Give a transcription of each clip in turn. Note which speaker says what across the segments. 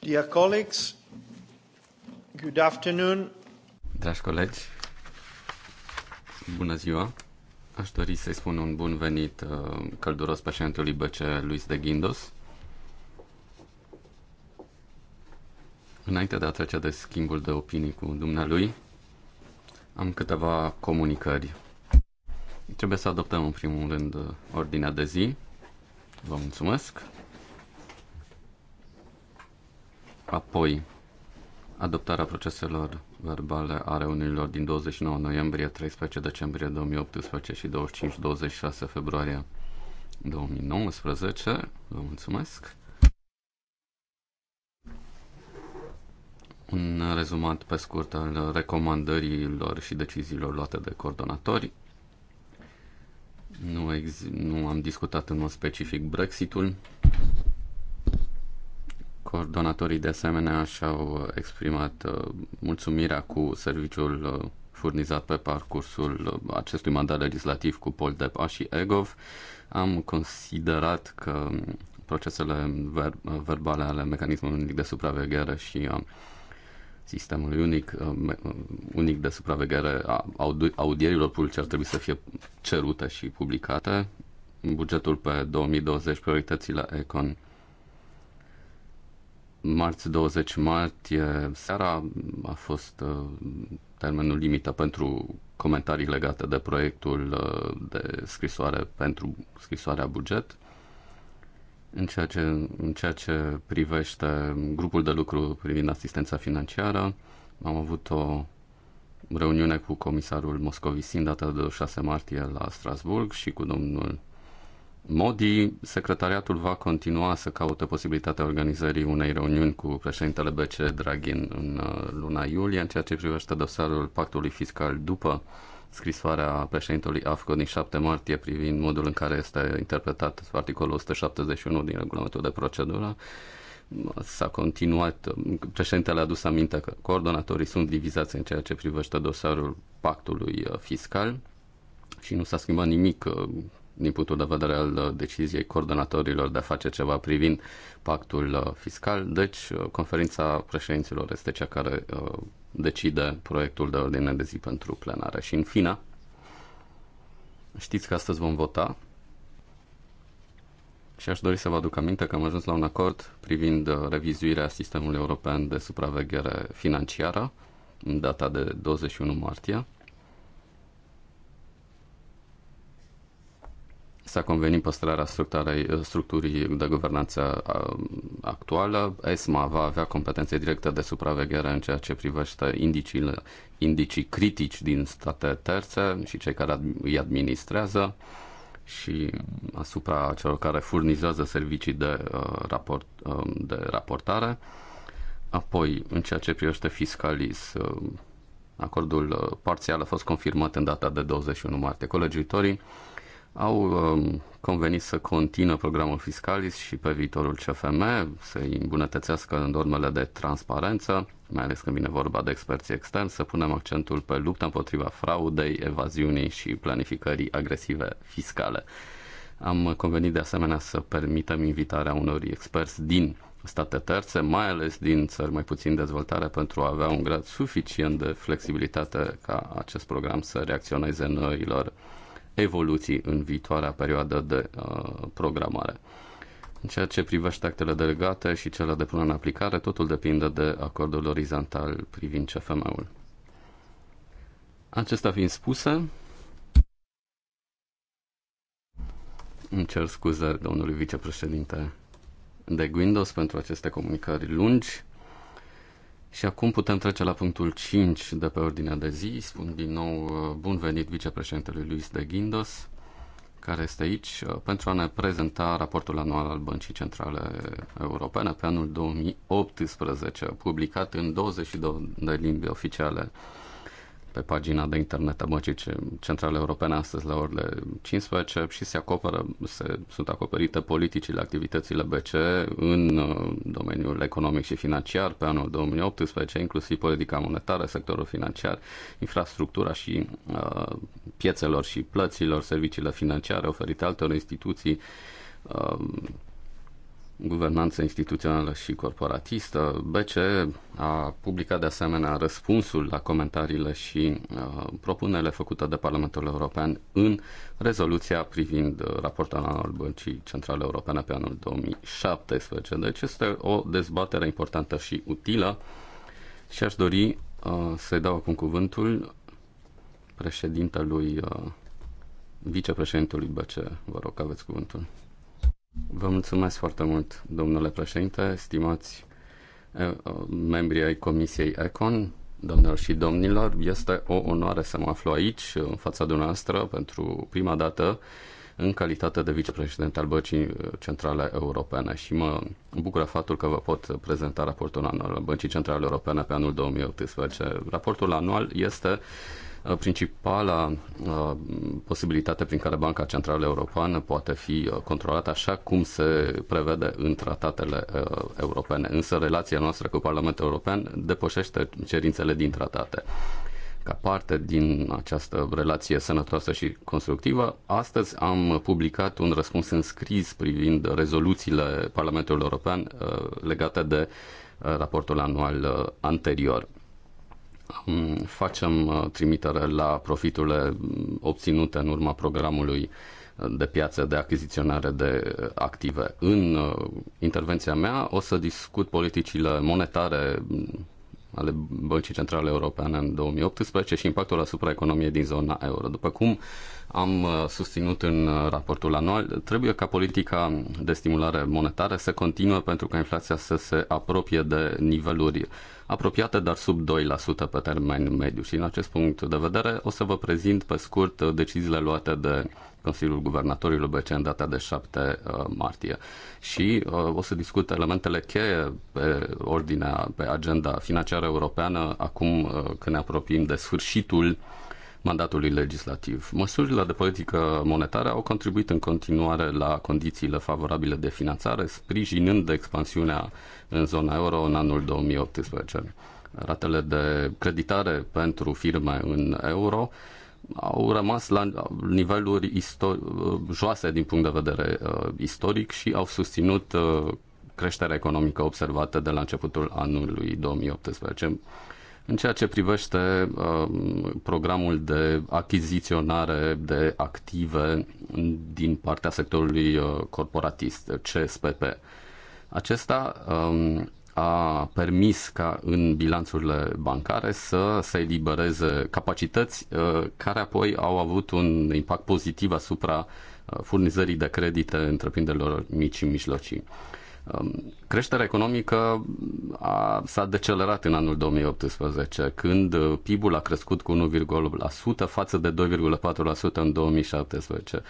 Speaker 1: Dear colleagues, good afternoon.
Speaker 2: Dragi colegi, bună ziua. Aș dori să-i spun un bun venit uh, călduros președintelui BC Luis de Guindos. Înainte de a trece de schimbul de opinii cu dumnealui, am câteva comunicări. Trebuie să adoptăm în primul rând ordinea de zi. Vă mulțumesc. Apoi, adoptarea proceselor verbale a reuniunilor din 29 noiembrie, 13 decembrie 2018 și 25-26 februarie 2019. Vă mulțumesc! Un rezumat pe scurt al recomandărilor și deciziilor luate de coordonatori. Nu, ex- nu am discutat în mod specific Brexitul. Coordonatorii de asemenea și-au uh, exprimat uh, mulțumirea cu serviciul uh, furnizat pe parcursul acestui mandat legislativ cu Poldepa și EGOV. Am considerat că um, procesele ver- verbale ale mecanismului unic de supraveghere și a sistemului unic, unic de supraveghere a audierilor publice ar trebui să fie cerute și publicate. Bugetul pe 2020, prioritățile ECON marți 20 martie seara a fost uh, termenul limită pentru comentarii legate de proiectul uh, de scrisoare pentru scrisoarea buget. În ceea, ce, în ceea ce privește grupul de lucru privind asistența financiară, am avut o reuniune cu comisarul Moscovici în data de 6 martie la Strasburg și cu domnul Modi, secretariatul va continua să caute posibilitatea organizării unei reuniuni cu președintele BC Draghi în uh, luna iulie, în ceea ce privește dosarul pactului fiscal după scrisoarea președintelui AFCO din 7 martie privind modul în care este interpretat articolul 171 din regulamentul de procedură. S-a continuat, președintele a adus aminte că coordonatorii sunt divizați în ceea ce privește dosarul pactului uh, fiscal și nu s-a schimbat nimic uh, din punctul de vedere al uh, deciziei coordonatorilor de a face ceva privind pactul uh, fiscal. Deci, uh, conferința președinților este cea care decide proiectul de ordine de zi pentru plenară. Și în fine, știți că astăzi vom vota și aș dori să vă aduc aminte că am ajuns la un acord privind revizuirea sistemului european de supraveghere financiară în data de 21 martie S-a convenit păstrarea structurii de guvernanță actuală. ESMA va avea competențe directe de supraveghere în ceea ce privește indiciile, indicii critici din state terțe și cei care îi administrează și asupra celor care furnizează servicii de, uh, raport, uh, de raportare. Apoi, în ceea ce privește fiscalis, uh, acordul parțial a fost confirmat în data de 21 martie. Colegiuitorii au um, convenit să continuă programul fiscalis și pe viitorul CFM, să îi îmbunătățească în normele de transparență, mai ales când vine vorba de experții externi, să punem accentul pe lupta împotriva fraudei, evaziunii și planificării agresive fiscale. Am convenit de asemenea să permitem invitarea unor experți din state terțe, mai ales din țări mai puțin dezvoltare, pentru a avea un grad suficient de flexibilitate ca acest program să reacționeze noilor evoluții în viitoarea perioadă de uh, programare. În ceea ce privește actele delegate și cele de până în aplicare, totul depinde de acordul orizontal privind CFM-ul. Acestea fiind spuse, îmi cer scuze domnului vicepreședinte de Windows pentru aceste comunicări lungi. Și acum putem trece la punctul 5 de pe ordinea de zi. Spun din nou uh, bun venit vicepreședintelui Luis de Guindos, care este aici, uh, pentru a ne prezenta raportul anual al Băncii Centrale Europene pe anul 2018, publicat în 22 de limbi oficiale pe pagina de internet a Băncii Centrale Europene astăzi la orele 15 și se acoperă, se, sunt acoperite politicile, activitățile BCE în uh, domeniul economic și financiar pe anul 2018, inclusiv politica monetară, sectorul financiar, infrastructura și uh, piețelor și plăților, serviciile financiare oferite altor instituții, uh, guvernanță instituțională și corporatistă. BCE a publicat de asemenea răspunsul la comentariile și uh, propunerile făcute de Parlamentul European în rezoluția privind uh, raportul anual Băncii Centrale Europene pe anul 2017. Deci este o dezbatere importantă și utilă și aș dori uh, să-i dau acum cuvântul președintelui, uh, vicepreședintelui BCE. Vă rog, aveți cuvântul. Vă mulțumesc foarte mult, domnule președinte, stimați membrii ai Comisiei ECON, domnilor și domnilor. Este o onoare să mă aflu aici, în fața dumneavoastră, pentru prima dată în calitate de vicepreședinte al Băncii Centrale Europene și mă bucură faptul că vă pot prezenta raportul anual al Băncii Centrale Europene pe anul 2018. Raportul anual este uh, Uh, principala uh, posibilitate prin care Banca Centrală Europeană poate fi uh, controlată așa cum se prevede în tratatele europene. Însă relația noastră cu Parlamentul European depășește cerințele din tratate. Ca parte din această relație sănătoasă și constructivă, astăzi am publicat un răspuns în scris privind rezoluțiile Parlamentului European legate de raportul anual anterior facem uh, trimitere la profiturile mm, obținute în urma programului uh, de piață de achiziționare de uh, active. În intervenția mea o să discut politicile monetare mm, ale Băncii Centrale europene în 2018 și impactul asupra economiei din zona euro. După cum am uh, susținut în uh, raportul anual, trebuie ca politica de stimulare monetară să continue pentru ca inflația să se apropie de niveluri apropiate, dar sub 2% pe termen mediu. Și în acest punct de vedere o să vă prezint pe scurt uh, deciziile luate de Consiliul Guvernatorilor BC în data de 7 uh, martie. Și uh, o să discut elementele cheie pe ordinea, pe agenda financiară europeană acum uh, când ne apropiem de sfârșitul mandatului legislativ. Măsurile de politică monetară au contribuit în continuare la condițiile favorabile de finanțare, sprijinând expansiunea în zona euro în anul 2018. Ratele de creditare pentru firme în euro au rămas la niveluri uh, joase din punct de vedere uh, istoric și au susținut uh, creșterea economică observată de la începutul anului 2018. În ceea ce privește uh, programul de achiziționare de active din partea sectorului uh, corporatist, CSPP, acesta um, a permis ca în bilanțurile bancare să se elibereze capacități uh, care apoi au avut un impact pozitiv asupra uh, furnizării de credite întreprinderilor mici și mijlocii. Um, creșterea economică a, s-a decelerat în anul 2018, când uh, PIB-ul a crescut cu 1,8% față de 2,4% în 2017.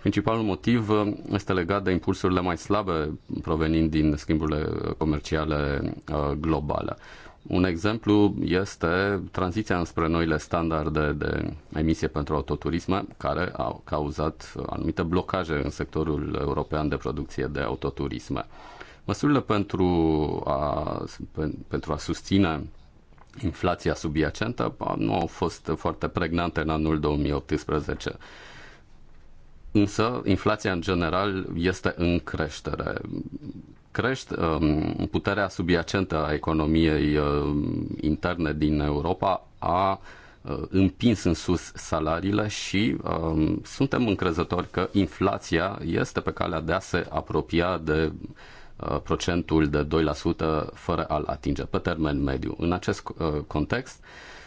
Speaker 2: Principalul motiv uh, este legat de impulsurile mai slabe provenind din schimburile comerciale uh, globale. Un exemplu este tranziția înspre noile standarde de emisie pentru autoturisme, care au cauzat anumite blocaje în sectorul european de producție de autoturisme. Măsurile pentru a, pentru a susține inflația subiacentă uh, nu au fost foarte pregnante în anul 2018. Însă, inflația în general este în creștere. Crește, um, puterea subiacentă a economiei um, interne din Europa a uh, împins în sus salariile și um, suntem încrezători că inflația este pe calea de a se apropia de uh, procentul de 2% fără a-l atinge pe termen mediu. În acest uh, context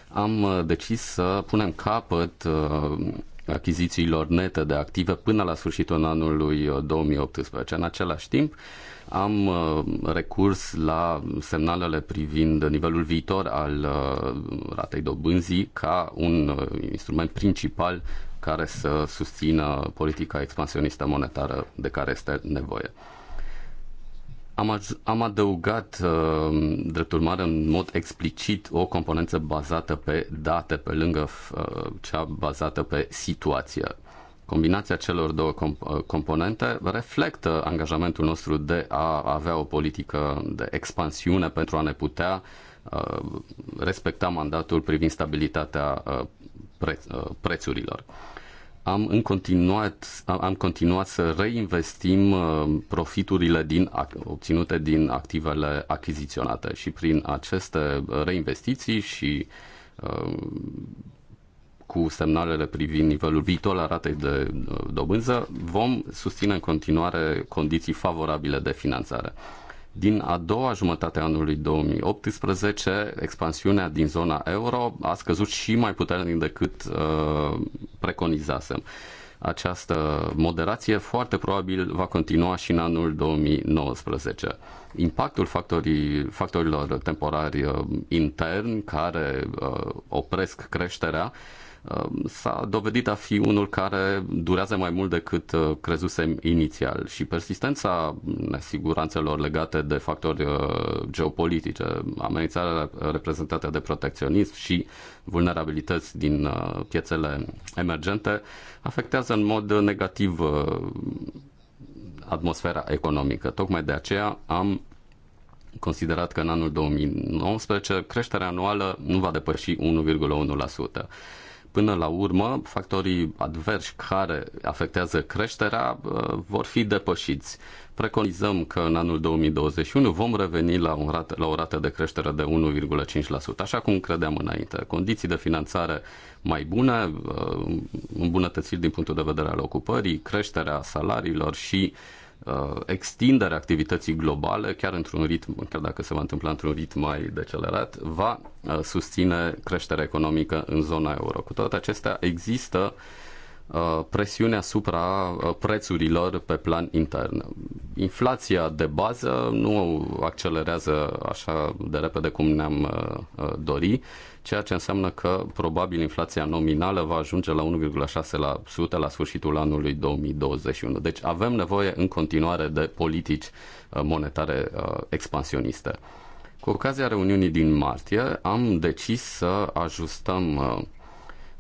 Speaker 2: am uh, decis să punem capăt uh, achizițiilor nete de active până la sfârșitul anului 2018. Uh, În același timp, am uh, recurs la semnalele privind nivelul viitor al uh, ratei dobânzii ca un instrument principal care să susțină politica expansionistă monetară de care este nevoie. Am, am adăugat, uh, drept urmare, în mod explicit o componență bazată pe date, pe lângă uh, cea bazată pe situație. Combinația celor două comp- uh, componente reflectă angajamentul nostru de a avea o politică de expansiune pentru a ne putea respecta mandatul privind stabilitatea pre- prețurilor am, în continuat, am continuat să reinvestim uh, profiturile din, obținute din activele achiziționate și prin aceste reinvestiții și uh, cu semnalele privind nivelul viitor la ratei de uh, dobânză, vom susține în continuare condiții favorabile de finanțare. Din a doua jumătate a anului 2018, expansiunea din zona euro a scăzut și mai puternic decât uh, preconizasem. Această moderație foarte probabil va continua și în anul 2019. Impactul factorii, factorilor temporari uh, interni care uh, opresc creșterea uh, Uh, s-a dovedit a fi unul care durează mai mult decât uh, crezusem inițial și persistența nesiguranțelor legate de factori uh, geopolitice, amenințarea reprezentată de protecționism și vulnerabilități din piețele emergente afectează în mod negativ atmosfera economică. Tocmai de aceea am considerat că în anul 2019 creșterea anuală nu va depăși 1,1% până la urmă, factorii adversi care afectează creșterea uh, vor fi depășiți. Preconizăm că în anul 2021 vom reveni la, un rat, la o rată de creștere de 1,5%, așa cum credeam înainte. Condiții de finanțare mai bune, uh, îmbunătățiri din punctul de vedere al ocupării, creșterea salariilor și uh, Uh, extinderea activității globale, chiar într-un ritm, chiar dacă se va întâmpla într-un ritm mai decelerat, va uh, susține creșterea economică în zona euro. Cu toate acestea, există Uh, presiune asupra uh, prețurilor pe plan intern. Inflația de bază nu accelerează așa de repede cum ne-am uh, dori, ceea ce înseamnă că probabil inflația nominală va ajunge la 1,6% la sfârșitul anului 2021. Deci avem nevoie în continuare de politici monetare expansioniste. Cu ocazia reuniunii din martie am decis să ajustăm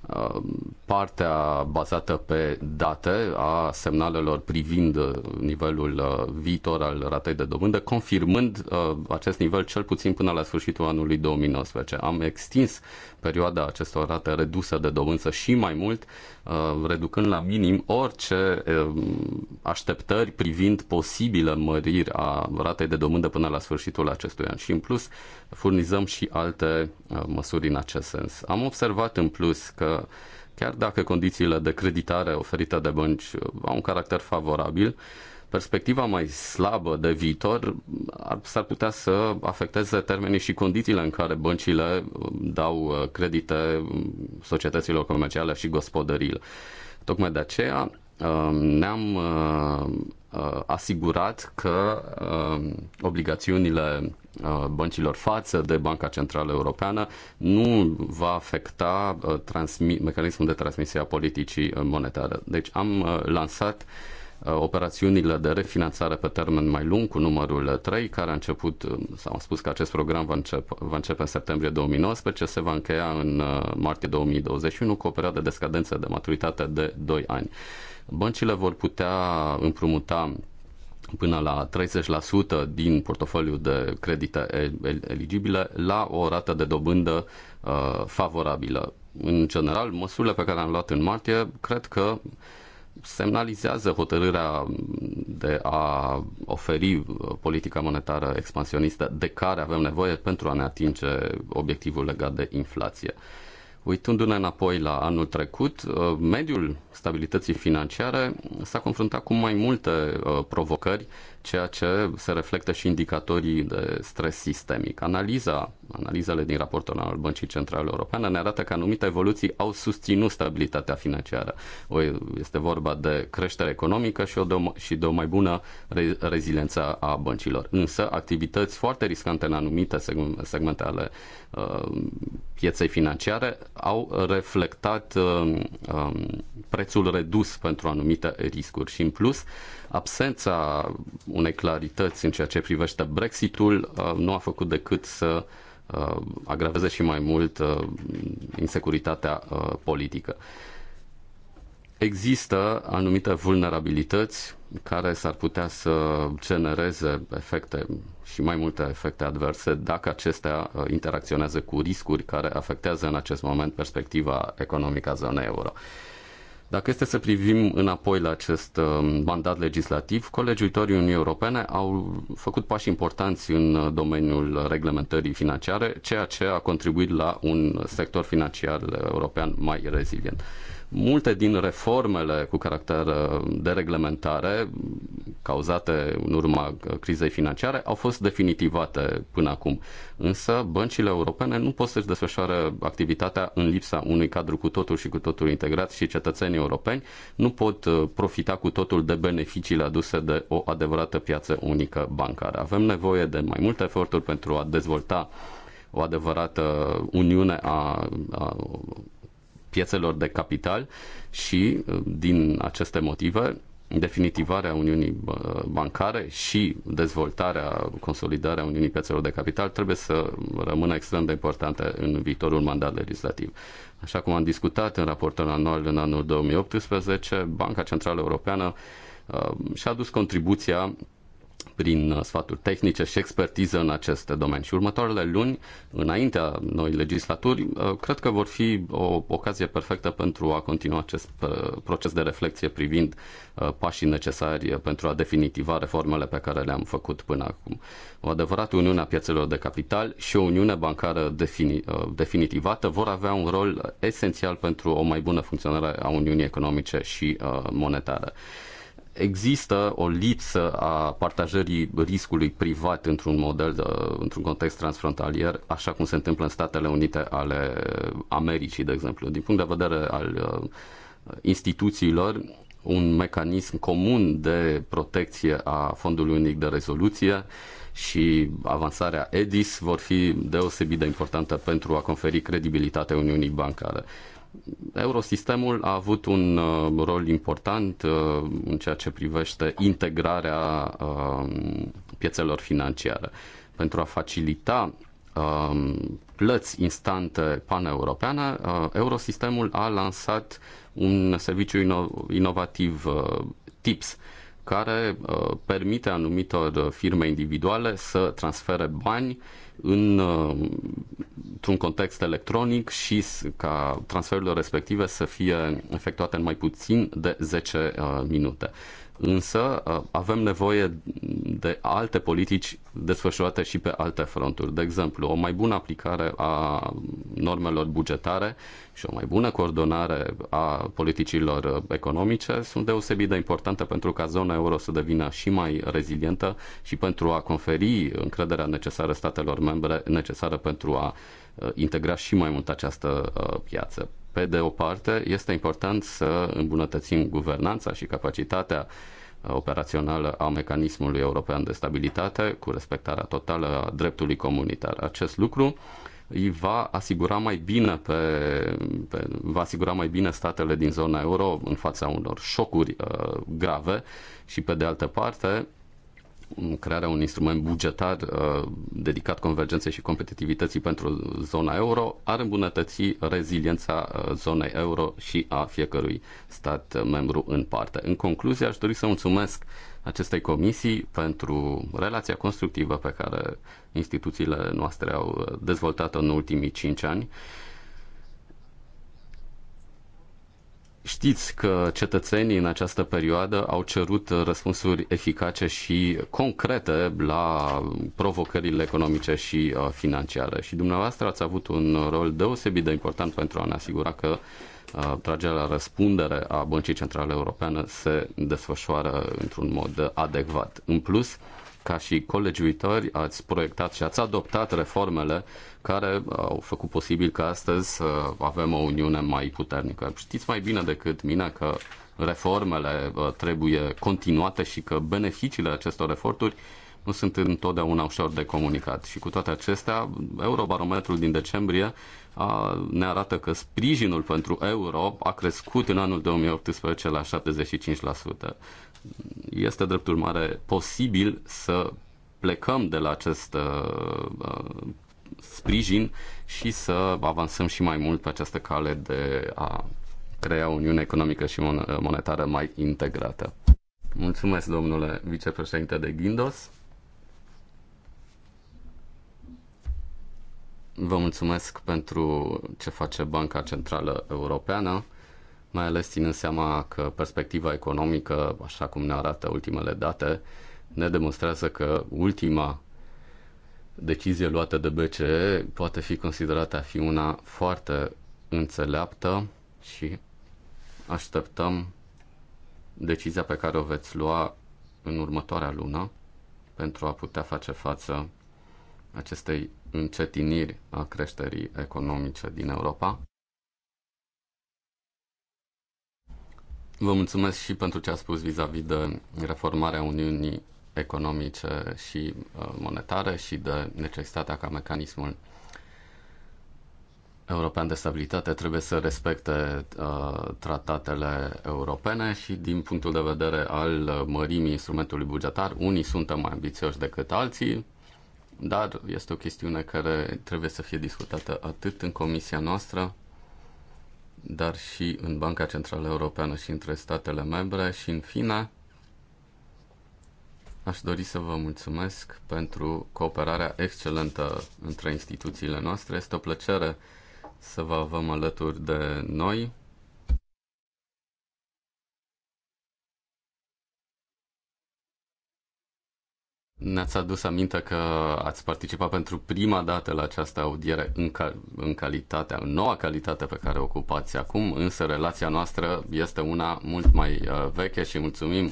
Speaker 2: Um, partea bazată pe date a semnalelor privind uh, nivelul uh, viitor al ratei de dobândă, confirmând uh, acest nivel cel puțin până la sfârșitul anului 2019. Am extins perioada acestor rate reduse de dobânză și mai mult, uh, reducând la minim orice um, așteptări privind posibilă măriri a ratei de dobândă până la sfârșitul acestui an. Și în plus, furnizăm și alte uh, măsuri în acest sens. Am observat în plus că chiar dacă condițiile de creditare oferite de bănci uh, au un caracter favorabil, perspectiva mai slabă de viitor ar, s-ar putea să afecteze termenii și condițiile în care băncile um, dau uh, credite um, societăților comerciale și gospodăriile. Tocmai de aceea um, ne-am uh, uh, asigurat că obligațiunile băncilor față de Banca Centrală Europeană nu va afecta mecanismul de transmisie a politicii monetare. Deci am lansat uh, Uh, operațiunile de refinanțare pe termen mai lung cu numărul 3, care a început, uh, s-a spus că acest program va începe, va începe în septembrie 2019, se va încheia în uh, martie 2021 cu o perioadă de scadență de maturitate de 2 ani. Băncile vor putea împrumuta până la 30% din portofoliul de credite eligibile la o rată de dobândă favorabilă. În general, măsurile pe care le-am luat în martie cred că semnalizează hotărârea de a oferi uh, politica monetară expansionistă de care avem nevoie pentru a ne atinge obiectivul legat de inflație. Uitându-ne înapoi la anul trecut, uh, mediul stabilității financiare s-a confruntat cu mai multe uh, provocări ceea ce se reflectă și indicatorii de stres sistemic. Analiza, analizele din raportul al Băncii Centrale Europene ne arată că anumite evoluții au susținut stabilitatea financiară. O, este vorba de creștere economică și, o de, o, și de o mai bună re, reziliență a băncilor. Însă, activități foarte riscante în anumite segmente ale uh, pieței financiare au reflectat uh, um, prețul redus pentru anumite riscuri și, în plus, uh, absența unei clarități în ceea ce privește Brexitul uh, nu a făcut decât să uh, agraveze și mai mult uh, insecuritatea politică. Există anumite vulnerabilități care s-ar putea să genereze efecte și mai multe efecte adverse dacă acestea interacționează cu riscuri care afectează în acest moment perspectiva economică a zonei euro. Dacă este să privim înapoi la acest uh, mandat legislativ, uitorii Uniunii Europene au făcut pași importanți în uh, domeniul reglementării financiare, ceea ce a contribuit la un sector financiar uh, european mai rezilient. Multe din reformele cu caracter uh, de reglementare cauzate în urma uh, crizei financiare au fost definitivate până acum. Însă băncile europene nu pot să-și desfășoare activitatea în lipsa unui cadru cu totul și cu totul integrat și cetățenii europeni nu pot uh, profita cu totul de beneficiile aduse de o adevărată piață unică bancară. Avem nevoie de mai multe eforturi pentru a dezvolta o adevărată uniune a, a piețelor de capital și uh, din aceste motive definitivarea Uniunii uh, Bancare și dezvoltarea, consolidarea Uniunii Piețelor de Capital trebuie să rămână extrem de importante în viitorul mandat legislativ. Așa cum am discutat în raportul anual în anul 2018, Banca Centrală Europeană uh, și-a dus contribuția prin uh, sfaturi tehnice și expertiză în acest domeniu. Și următoarele luni, înaintea noi legislaturi, uh, cred că vor fi o ocazie perfectă pentru a continua acest uh, proces de reflexie privind pașii necesari pentru a definitiva reformele pe care le-am făcut până acum. O adevărată Uniune a Piețelor de Capital și o Uniune Bancară defini- definitivată vor avea un rol esențial pentru o mai bună funcționare a Uniunii Economice și Monetare există o lipsă a partajării riscului privat într-un model, într-un context transfrontalier, așa cum se întâmplă în Statele Unite ale Americii, de exemplu. Din punct de vedere al uh, instituțiilor, un mecanism comun de protecție a Fondului Unic de Rezoluție și avansarea EDIS vor fi deosebit de importante pentru a conferi credibilitate Uniunii Bancare. Eurosistemul a avut un uh, rol important uh, în ceea ce privește integrarea um, piețelor financiare pentru a facilita um, plăți instante paneuropeană, uh, Eurosistemul a lansat un serviciu ino- inovativ TIPS, care permite anumitor firme individuale să transfere bani în, uh, într-un context electronic și ca transferurile respective să fie efectuate în mai puțin de 10 uh, minute însă uh, avem nevoie de alte politici desfășurate și pe alte fronturi. De exemplu, o mai bună aplicare a normelor bugetare și o mai bună coordonare a politicilor economice sunt deosebit de importante pentru ca zona euro să devină și mai rezilientă și pentru a conferi încrederea necesară statelor membre necesară pentru a uh, integra și mai mult această uh, piață. Pe de o parte, este important să îmbunătățim guvernanța și capacitatea uh, operațională a mecanismului european de stabilitate cu respectarea totală a dreptului comunitar. Acest lucru îi va asigura mai bine pe, pe, va asigura mai bine statele din zona euro în fața unor șocuri uh, grave și pe de altă parte crearea unui instrument bugetar uh, dedicat convergenței și competitivității pentru zona euro ar îmbunătăți reziliența uh, zonei euro și a fiecărui stat uh, membru în parte. În concluzie, aș dori să mulțumesc acestei comisii pentru relația constructivă pe care instituțiile noastre au uh, dezvoltat-o în ultimii cinci ani Știți că cetățenii în această perioadă au cerut răspunsuri eficace și concrete la provocările economice și uh, financiare și dumneavoastră ați avut un rol deosebit de important pentru a ne asigura că uh, tragerea la răspundere a Băncii Centrale Europene se desfășoară într-un mod adecvat. În plus, ca și colegiuitori, ați proiectat și ați adoptat reformele care au făcut posibil ca astăzi să avem o uniune mai puternică. Știți mai bine decât mine că reformele uh, trebuie continuate și că beneficiile acestor eforturi nu sunt întotdeauna ușor de comunicat. Și cu toate acestea, Eurobarometrul din decembrie a, ne arată că sprijinul pentru euro a crescut în anul 2018 la 75%. Este drept urmare posibil să plecăm de la acest uh, uh, sprijin și să avansăm și mai mult pe această cale de a crea o Uniune Economică și uh, Monetară mai integrată. Mulțumesc, domnule vicepreședinte de Gindos. Vă mulțumesc pentru ce face Banca Centrală Europeană mai ales ținând seama că perspectiva economică, așa cum ne arată ultimele date, ne demonstrează că ultima decizie luată de BCE poate fi considerată a fi una foarte înțeleaptă și așteptăm decizia pe care o veți lua în următoarea lună pentru a putea face față acestei încetiniri a creșterii economice din Europa. Vă mulțumesc și pentru ce a spus vis-a-vis -vis de reformarea Uniunii economice și uh, monetare și de necesitatea ca mecanismul european de stabilitate trebuie să respecte uh, tratatele europene și din punctul de vedere al mărimii instrumentului bugetar, unii sunt mai ambițioși decât alții, dar este o chestiune care trebuie să fie discutată atât în comisia noastră, dar și în Banca Centrală Europeană și între statele membre și în fine aș dori să vă mulțumesc pentru cooperarea excelentă între instituțiile noastre. Este o plăcere să vă avem alături de noi Ne-ați adus aminte că ați participat pentru prima dată la această audiere în, ca, în calitatea, în noua calitate pe care o ocupați acum, însă relația noastră este una mult mai uh, veche și mulțumim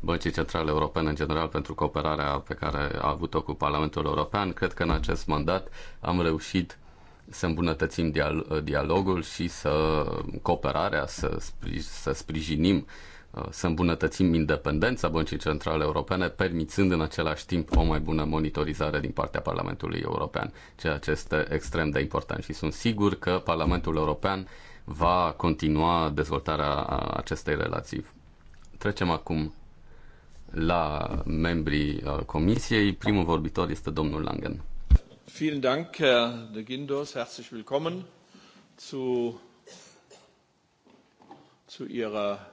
Speaker 2: Băncii Centrale Europene în general pentru cooperarea pe care a avut-o cu Parlamentul European. Cred că în acest mandat am reușit să îmbunătățim dialogul și să cooperarea, să, spri, să sprijinim uh, Uh, să îmbunătățim independența Băncii Centrale Europene, permițând în același timp o mai bună monitorizare din partea Parlamentului European, ceea ce este extrem de important și sunt sigur că Parlamentul European va continua dezvoltarea acestei relații. Trecem acum la membrii uh, Comisiei. Primul vorbitor este domnul Langen.
Speaker 1: Vielen Dank, Herr de Gindos. Herzlich willkommen zu,
Speaker 3: zu Ihrer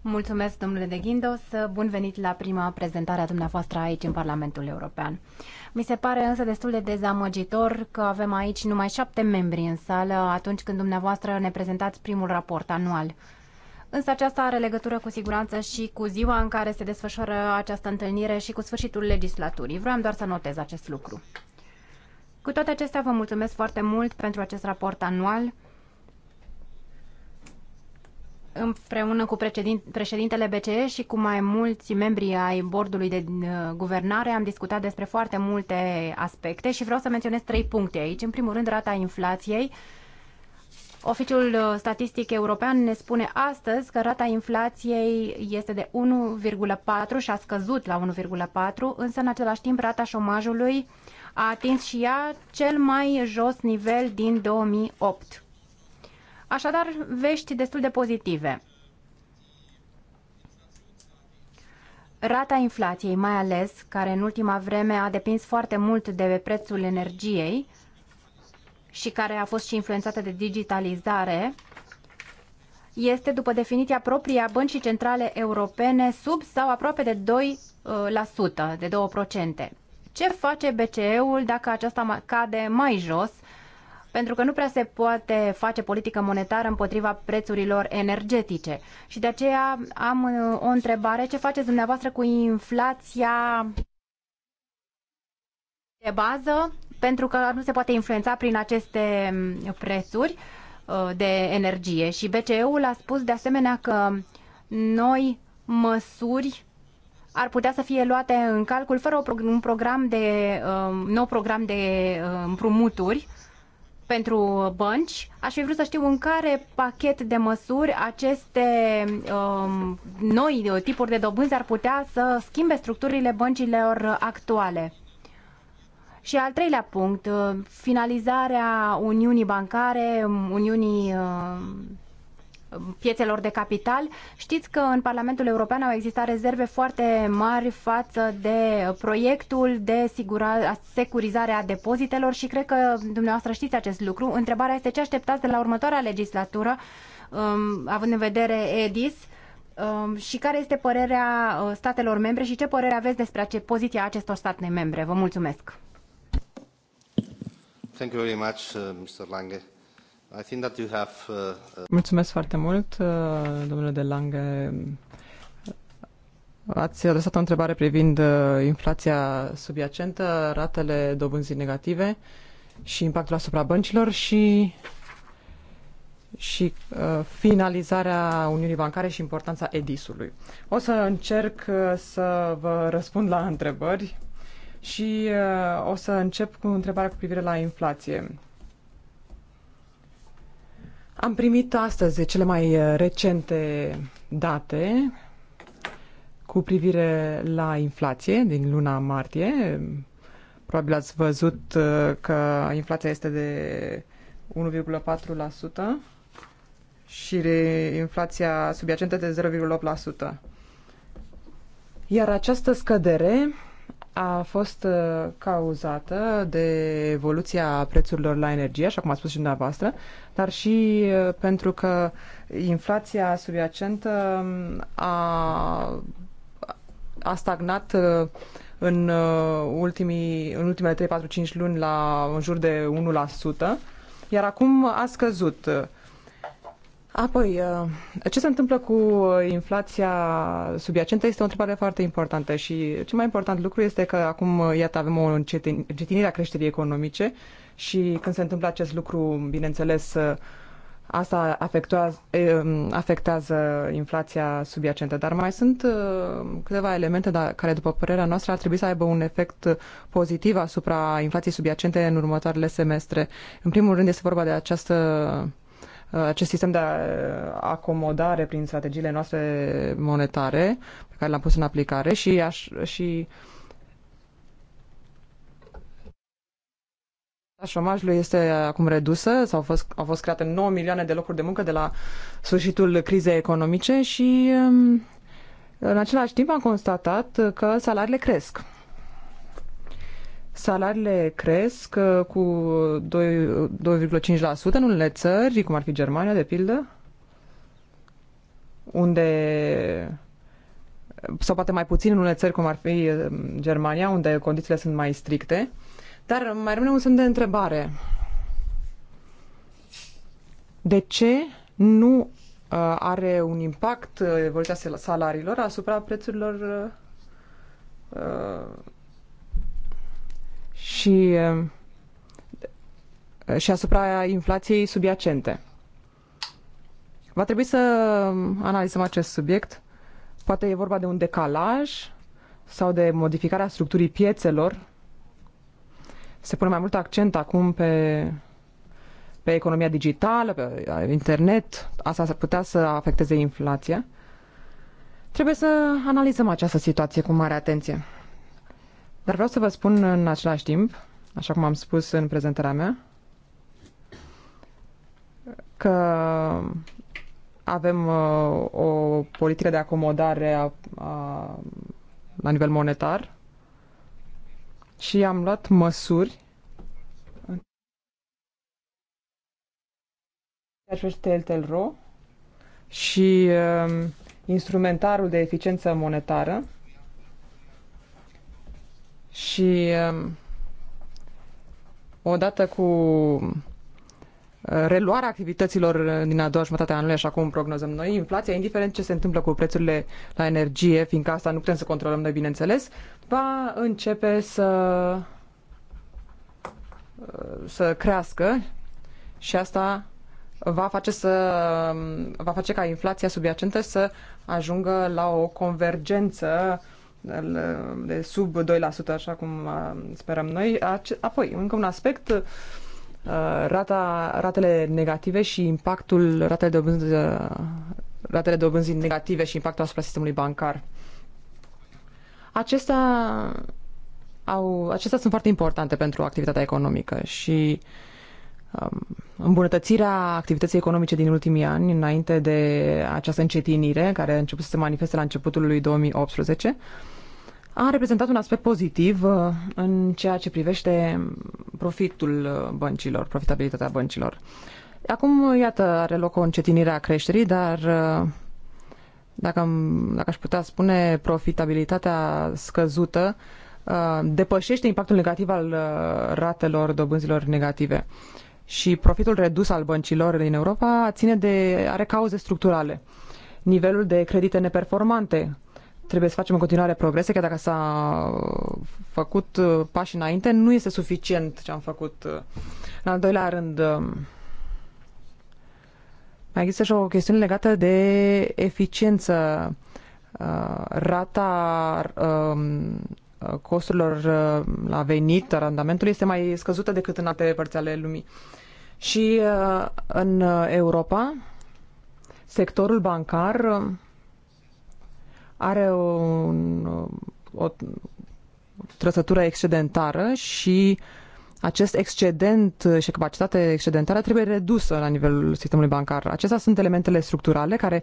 Speaker 1: Mulțumesc, domnule de Ghindos. Bun venit la prima prezentare a dumneavoastră aici în Parlamentul European. Mi se pare însă destul de dezamăgitor că avem aici numai șapte membri în sală atunci când dumneavoastră ne prezentați primul raport anual. Însă aceasta are legătură cu siguranță și cu ziua în care se desfășoară această întâlnire și cu sfârșitul legislaturii. Vreau doar să notez acest lucru. Cu toate acestea, vă mulțumesc foarte mult pentru acest raport anual împreună cu președintele BCE și cu mai mulți membri ai bordului de uh, guvernare am discutat despre foarte multe aspecte și vreau să menționez trei puncte aici. În primul rând, rata inflației. Oficiul uh, Statistic European ne spune astăzi că rata inflației este de 1,4 și a scăzut la 1,4, însă în același timp rata șomajului a atins și ea cel mai jos nivel din 2008. Așadar, vești destul de pozitive. Rata inflației, mai ales, care în ultima vreme a depins foarte mult de prețul energiei și care a fost și influențată de digitalizare, este, după definiția proprie a Băncii Centrale Europene, sub sau aproape de 2%, uh, de 2%. Ce face BCE-ul dacă aceasta cade mai jos pentru că nu prea se poate face politică monetară împotriva prețurilor energetice. Și de aceea am uh, o întrebare. Ce faceți dumneavoastră cu inflația de bază? Pentru că nu se poate influența prin aceste um, prețuri uh, de energie. Și BCE-ul a spus de asemenea că noi măsuri ar putea să fie luate în calcul fără un program de, um, nou program de uh, împrumuturi pentru bănci. Aș fi vrut să știu în care pachet de măsuri aceste um, noi tipuri de dobânzi ar putea să schimbe structurile băncilor actuale. Și al treilea punct, uh, finalizarea Uniunii Bancare, Uniunii uh, piețelor de capital. Știți că în Parlamentul European au existat rezerve foarte mari față de proiectul de sigura, securizare a depozitelor și cred că dumneavoastră știți acest lucru. Întrebarea este ce așteptați de la următoarea legislatură, um, având în vedere EDIS, um, și care este părerea uh, statelor membre și ce părere aveți despre ace- poziția acestor state membre. Vă mulțumesc!
Speaker 2: Thank you very much, uh, Mr. Lange. Uh, uh, Mulțumesc
Speaker 3: foarte mult, uh, domnule de Lange. Ați adresat o întrebare privind inflația subiacentă, ratele dobânzii negative și impactul asupra băncilor și și uh, finalizarea Uniunii Bancare și importanța EDIS-ului. O să încerc să vă răspund la întrebări și uh, o să încep cu întrebarea cu privire la inflație. Am primit astăzi cele mai uh, recente date cu privire la inflație din luna martie. Probabil ați văzut uh, că inflația este de 1,4% și inflația subiacentă de 0,8%. Iar această scădere a fost uh, cauzată de evoluția prețurilor la energie, așa cum a spus și dumneavoastră, dar și uh, pentru că inflația subiacentă um, a, a stagnat uh, în, ultimii, în ultimele 3-4-5 luni la în jur de 1%, iar acum a scăzut Apoi, uh, ce se întâmplă cu inflația subiacentă este o întrebare foarte importantă și cel mai important lucru este că acum, uh, iată, avem o încetinire a creșterii economice și când se întâmplă acest lucru, bineînțeles, uh, asta um, afectează, inflația subiacentă. Dar mai sunt câteva elemente da, care, după părerea noastră, ar trebui să aibă un efect pozitiv asupra inflației subiacente în următoarele semestre. În primul rând este vorba de această acest sistem de uh, acomodare prin strategiile noastre monetare pe care l-am pus în aplicare și, aș, și șomajului este acum redusă, s-au fost, au fost create 9 milioane de locuri de muncă de la sfârșitul crizei economice și um, în același timp am constatat că salariile cresc salariile cresc uh, cu 2,5% în unele țări, cum ar fi Germania, de pildă, unde sau poate mai puțin în unele țări, cum ar fi uh, Germania, unde condițiile sunt mai stricte. Dar mai rămâne un semn de întrebare. De ce nu uh, are un impact evoluția salariilor asupra prețurilor uh, și, eh, și asupra inflației subiacente. Va trebui să analizăm acest subiect. Poate e vorba de un decalaj sau de modificarea structurii piețelor. Se pune mai mult accent acum pe, pe economia digitală, pe internet. Asta ar putea să afecteze inflația. Trebuie să analizăm această situație cu mare atenție. Dar vreau să vă spun în același timp, așa cum am spus în prezentarea mea, că avem uh, o politică de acomodare a, a, la nivel monetar și am luat măsuri TLTRO și uh, instrumentarul de eficiență monetară și um, odată cu uh, reluarea activităților din a doua jumătate a anului, așa cum prognozăm noi, inflația, indiferent ce se întâmplă cu prețurile la energie, fiindcă asta nu putem să controlăm noi, bineînțeles, va începe să uh, să crească și asta va face, să, um, va face ca inflația subiacentă să ajungă la o convergență de sub 2%, așa cum uh, sperăm noi. Apoi, încă un aspect, uh, rata, ratele negative și impactul ratele dobânzii, uh, ratele dobânzii negative și impactul asupra sistemului bancar. Acestea, au, acestea sunt foarte importante pentru activitatea economică și uh, Um, îmbunătățirea activității economice din ultimii ani, înainte de această încetinire care a început să se manifeste la începutul lui 2018, a reprezentat un aspect pozitiv uh, în ceea ce privește profitul uh, băncilor, profitabilitatea băncilor. Acum, uh, iată, are loc o încetinire a creșterii, dar dacă, dacă aș putea spune, profitabilitatea scăzută depășește impactul negativ al ratelor dobânzilor negative și profitul redus al băncilor din Europa ține de, are cauze structurale. Nivelul de credite neperformante. Trebuie să facem în continuare progrese, că dacă s-a uh, făcut uh, pași înainte, nu este suficient ce am făcut. În al doilea rând, um, mai există și o chestiune legată de eficiență. Uh, rata um, costurilor la venit, a randamentului, este mai scăzută decât în alte părți ale lumii. Și uh, în uh, Europa, sectorul bancar uh, are un, o trăsătură excedentară și acest excedent și capacitate excedentară trebuie redusă la nivelul sistemului bancar. Acestea sunt elementele structurale care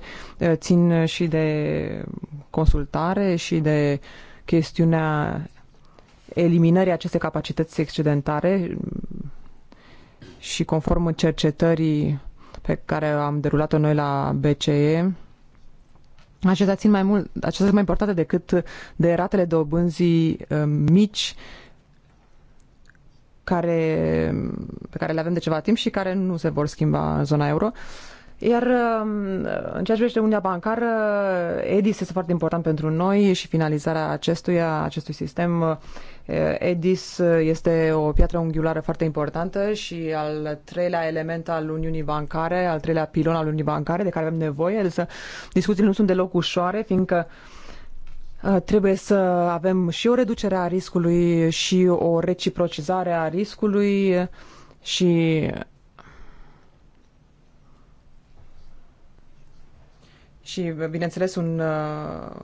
Speaker 3: țin și de consultare și de chestiunea eliminării acestei capacități excedentare și conform cercetării pe care am derulat-o noi la BCE, acestea țin mai mult, acestea sunt mai importante decât de ratele de dobânzii um, mici care, pe care le avem de ceva timp și care nu se vor schimba în zona euro. Uh, iar um, în ceea ce privește Uniunea Bancară, EDIS este foarte important pentru noi și finalizarea acestuia, acestui sistem. Uh, EDIS uh, este o piatră unghiulară foarte importantă și al treilea element al Uniunii Bancare, al treilea pilon al Uniunii Bancare de care avem nevoie, însă discuțiile nu sunt deloc ușoare, fiindcă uh, trebuie să avem și o reducere a riscului și o reciprocizare a riscului și și, bineînțeles, un, uh,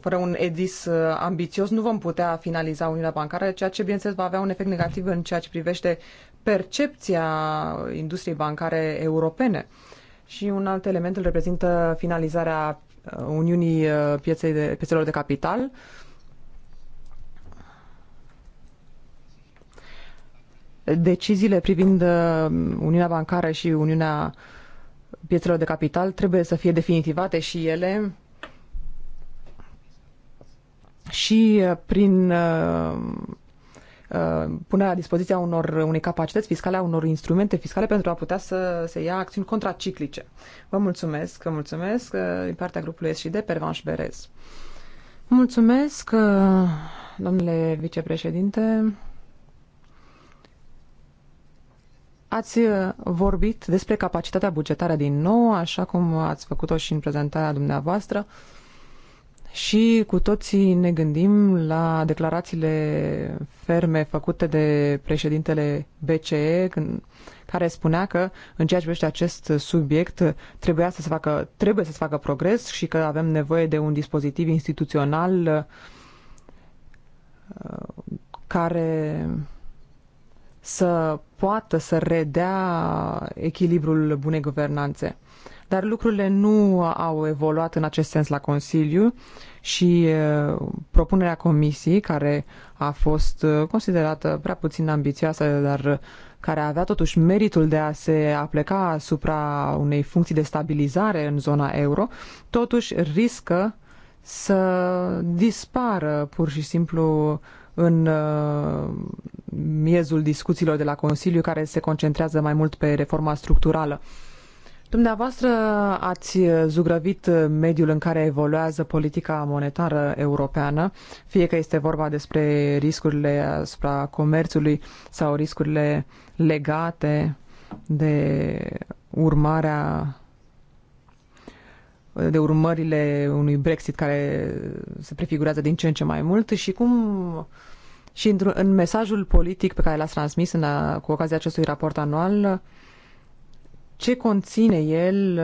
Speaker 3: fără un edis uh, ambițios nu vom putea finaliza Uniunea Bancară, ceea ce, bineînțeles, va avea un efect negativ în ceea ce privește percepția industriei bancare europene. Și un alt element îl reprezintă finalizarea uh, Uniunii pieței de, piețelor de capital. Deciziile privind Uniunea Bancară și Uniunea uh, piețelor de capital trebuie să fie definitivate și ele și uh, prin uh, uh, punerea la dispoziția unor, unei capacități fiscale, a unor instrumente fiscale pentru a putea să se ia acțiuni contraciclice. Vă mulțumesc, vă mulțumesc din partea grupului SD, Pervanș Berez. Mulțumesc, domnule vicepreședinte. Ați uh, vorbit despre capacitatea bugetară din nou, așa cum ați făcut-o și în prezentarea dumneavoastră. Și cu toții ne gândim la declarațiile ferme făcute de președintele BCE, când, care spunea că în ceea ce privește acest subiect trebuia să se facă, trebuie să se facă progres și că avem nevoie de un dispozitiv instituțional uh, care să poată să redea echilibrul bunei guvernanțe. Dar lucrurile nu au evoluat în acest sens la Consiliu și propunerea Comisiei, care a fost considerată prea puțin ambițioasă, dar care avea totuși meritul de a se apleca asupra unei funcții de stabilizare în zona euro, totuși riscă să dispară pur și simplu în uh, miezul discuțiilor de la Consiliu care se concentrează mai mult pe reforma structurală. Dumneavoastră ați zugrăvit mediul în care evoluează politica monetară europeană, fie că este vorba despre riscurile asupra comerțului sau riscurile legate de urmarea de urmările unui Brexit care se prefigurează din ce în ce mai mult și cum și în, în mesajul politic pe care l-ați transmis în a, cu ocazia acestui raport anual, ce conține el,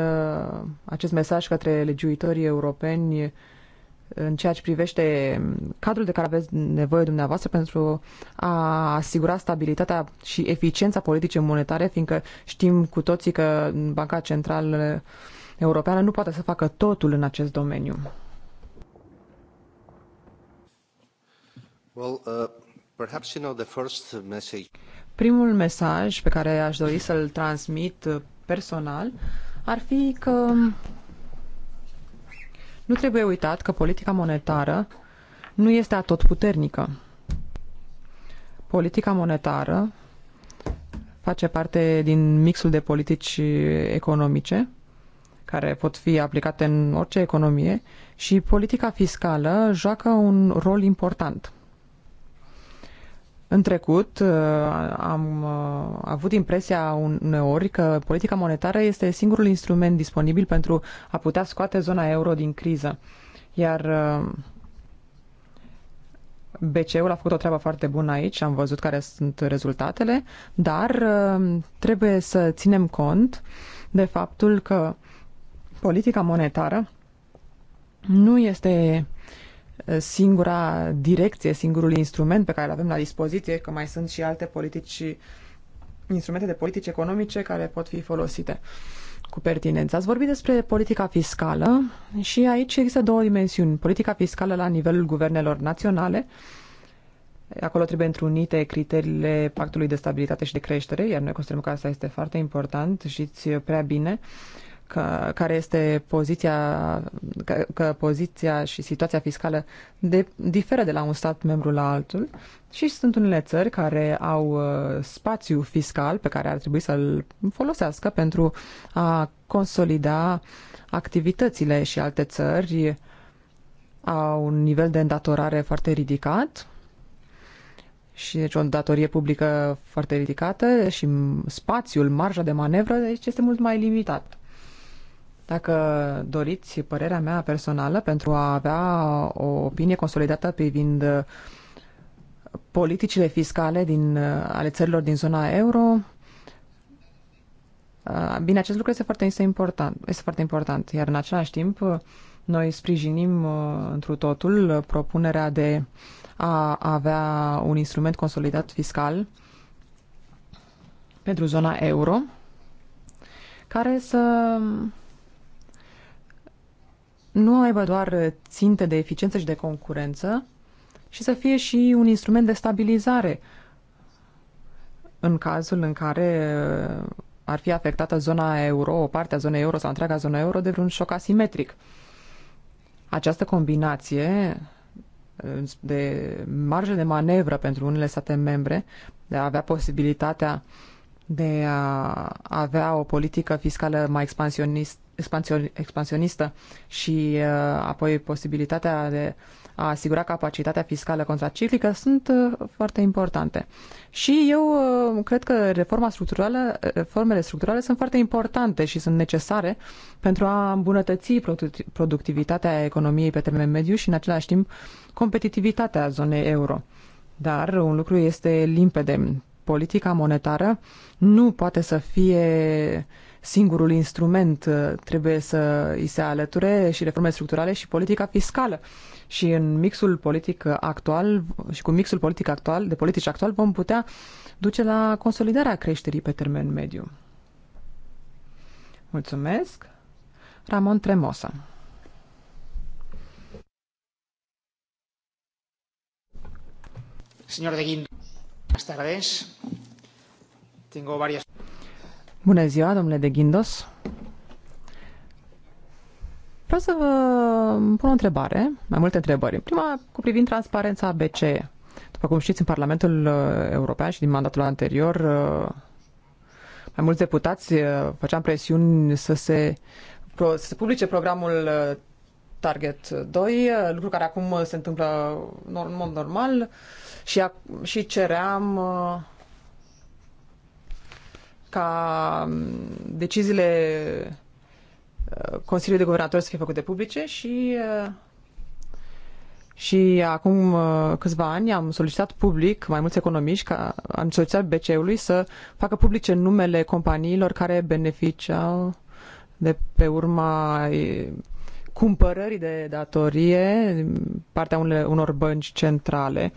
Speaker 3: uh, acest mesaj către legiuitorii europeni în ceea ce privește cadrul de care aveți nevoie dumneavoastră pentru a asigura stabilitatea și eficiența politice monetare, fiindcă știm cu toții că Banca Centrală europeană nu poate să facă totul în acest domeniu.
Speaker 2: Well, uh, perhaps you know the first message.
Speaker 3: Primul mesaj pe care aș dori să-l transmit uh, personal ar fi că nu trebuie uitat că politica monetară nu este atotputernică. Politica monetară face parte din mixul de politici economice care pot fi aplicate în orice economie și politica fiscală joacă un rol important. În trecut uh, am uh, avut impresia uneori că politica monetară este singurul instrument disponibil pentru a putea scoate zona euro din criză. Iar uh, BCE-ul a făcut o treabă foarte bună aici, am văzut care sunt rezultatele, dar trebuie să ținem cont de faptul că politica monetară nu este eh, singura direcție, singurul instrument pe care îl avem la dispoziție, că mai sunt și alte politici, instrumente de politici economice care pot fi folosite cu pertinență. Ați vorbit despre politica fiscală și aici există două dimensiuni. Politica fiscală la nivelul guvernelor naționale, acolo trebuie întrunite criteriile Pactului de Stabilitate și de Creștere, iar noi considerăm că asta este foarte important, știți prea bine. Uh, că, care este poziția, că, că poziția și situația fiscală de, diferă de la un stat membru la altul și sunt unele țări care au uh, spațiu fiscal pe care ar trebui să-l folosească pentru a consolida activitățile și alte țări au un nivel de îndatorare foarte ridicat și deci o datorie publică foarte ridicată și spațiul, marja de manevră, deci este mult mai limitat. Dacă doriți părerea mea personală pentru a avea o opinie consolidată privind uh, politicile fiscale din, uh, ale țărilor din zona euro, uh, bine, acest lucru este foarte, este important, este foarte important, iar în același timp noi sprijinim întru totul propunerea de a avea un instrument consolidat fiscal pentru zona euro, care să nu aibă doar ținte de eficiență și de concurență, și să fie și un instrument de stabilizare în cazul în care uh, ar fi afectată zona euro, o parte a zonei euro sau întreaga zona euro de vreun șoc asimetric. Această combinație uh, de marjă de manevră pentru unele state membre, de a avea posibilitatea de a avea o politică fiscală mai expansionist, expansion, expansionistă și uh, apoi posibilitatea de a asigura capacitatea fiscală contraciclică sunt uh, foarte importante. Și eu uh, cred că reforma structurală, reformele structurale sunt foarte importante și sunt necesare pentru a îmbunătăți productivitatea economiei pe termen mediu și în același timp competitivitatea zonei euro. Dar un lucru este limpede politica monetară nu poate să fie singurul instrument, uh, trebuie să îi se alăture și reformele structurale și politica fiscală. Și în mixul politic actual și cu mixul politic actual, de politici actual vom putea duce la consolidarea creșterii pe termen mediu. Mulțumesc. Ramon Tremosa. Signor de Guindos. Bună ziua, domnule de Ghindos. Vreau să vă pun o întrebare, mai multe întrebări. Prima, cu privind transparența BCE. După cum știți, în Parlamentul uh, European și din mandatul anterior, uh, mai mulți deputați uh, făceam presiuni să se, să se publice programul Target 2, lucru care acum se întâmplă în mod normal și, a, și ceream uh, ca um, deciziile uh, Consiliului de Guvernatori să fie făcute publice și uh, și acum câțiva ani am solicitat public, mai mulți economiști, ca, am solicitat BCE-ului să facă publice numele companiilor care beneficiau de pe urma cumpărării de datorie din partea unor bănci centrale.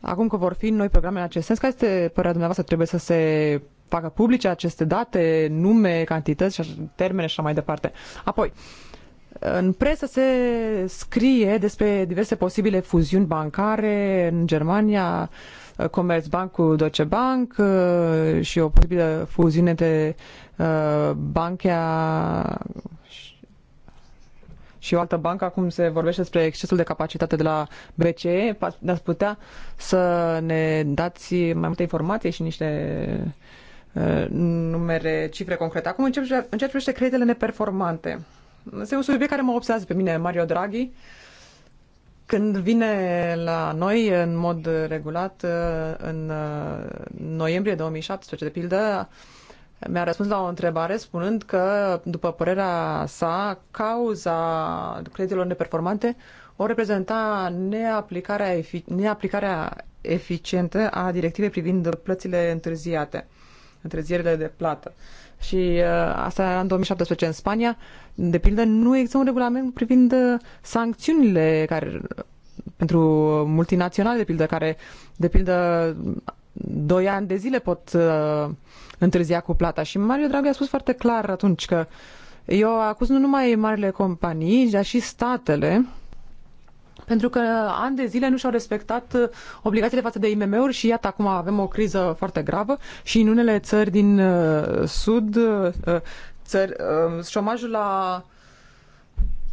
Speaker 3: Acum că vor fi noi programe în acest sens, care este părerea dumneavoastră? Trebuie să se facă publice aceste date, nume, cantități, termene și așa mai departe. Apoi, în presă se scrie despre diverse posibile fuziuni bancare în Germania, Commerzbank cu Deutsche Bank și o posibilă fuziune între uh, Bankia și o altă bancă, acum se vorbește despre excesul de capacitate de la BCE, ne-ați putea să ne dați mai multe informații și niște uh, numere, cifre concrete. Acum încep, în ceea ce privește creditele neperformante. Este un subiect care mă obsează pe mine, Mario Draghi. Când vine la noi, în mod regulat, uh, în uh, noiembrie 2017, de pildă, mi-a răspuns la o întrebare spunând că, după părerea sa, cauza creditelor neperformante o reprezenta neaplicarea, efic- neaplicarea eficientă a directivei privind plățile întârziate, întârzierile de plată. Și uh, asta era în 2017 în Spania. De pildă, nu există un regulament privind uh, sancțiunile care, pentru multinaționale, de pildă, care, de pildă, doi ani de zile pot uh, întârzia cu plata. Și Mario Draghi a spus foarte clar atunci că eu acuz nu numai marile companii, dar și statele, pentru că ani de zile nu și-au respectat uh, obligațiile față de IMM-uri și iată acum avem o criză foarte gravă și în unele țări din uh, sud, uh, uh țări, uh, șomajul la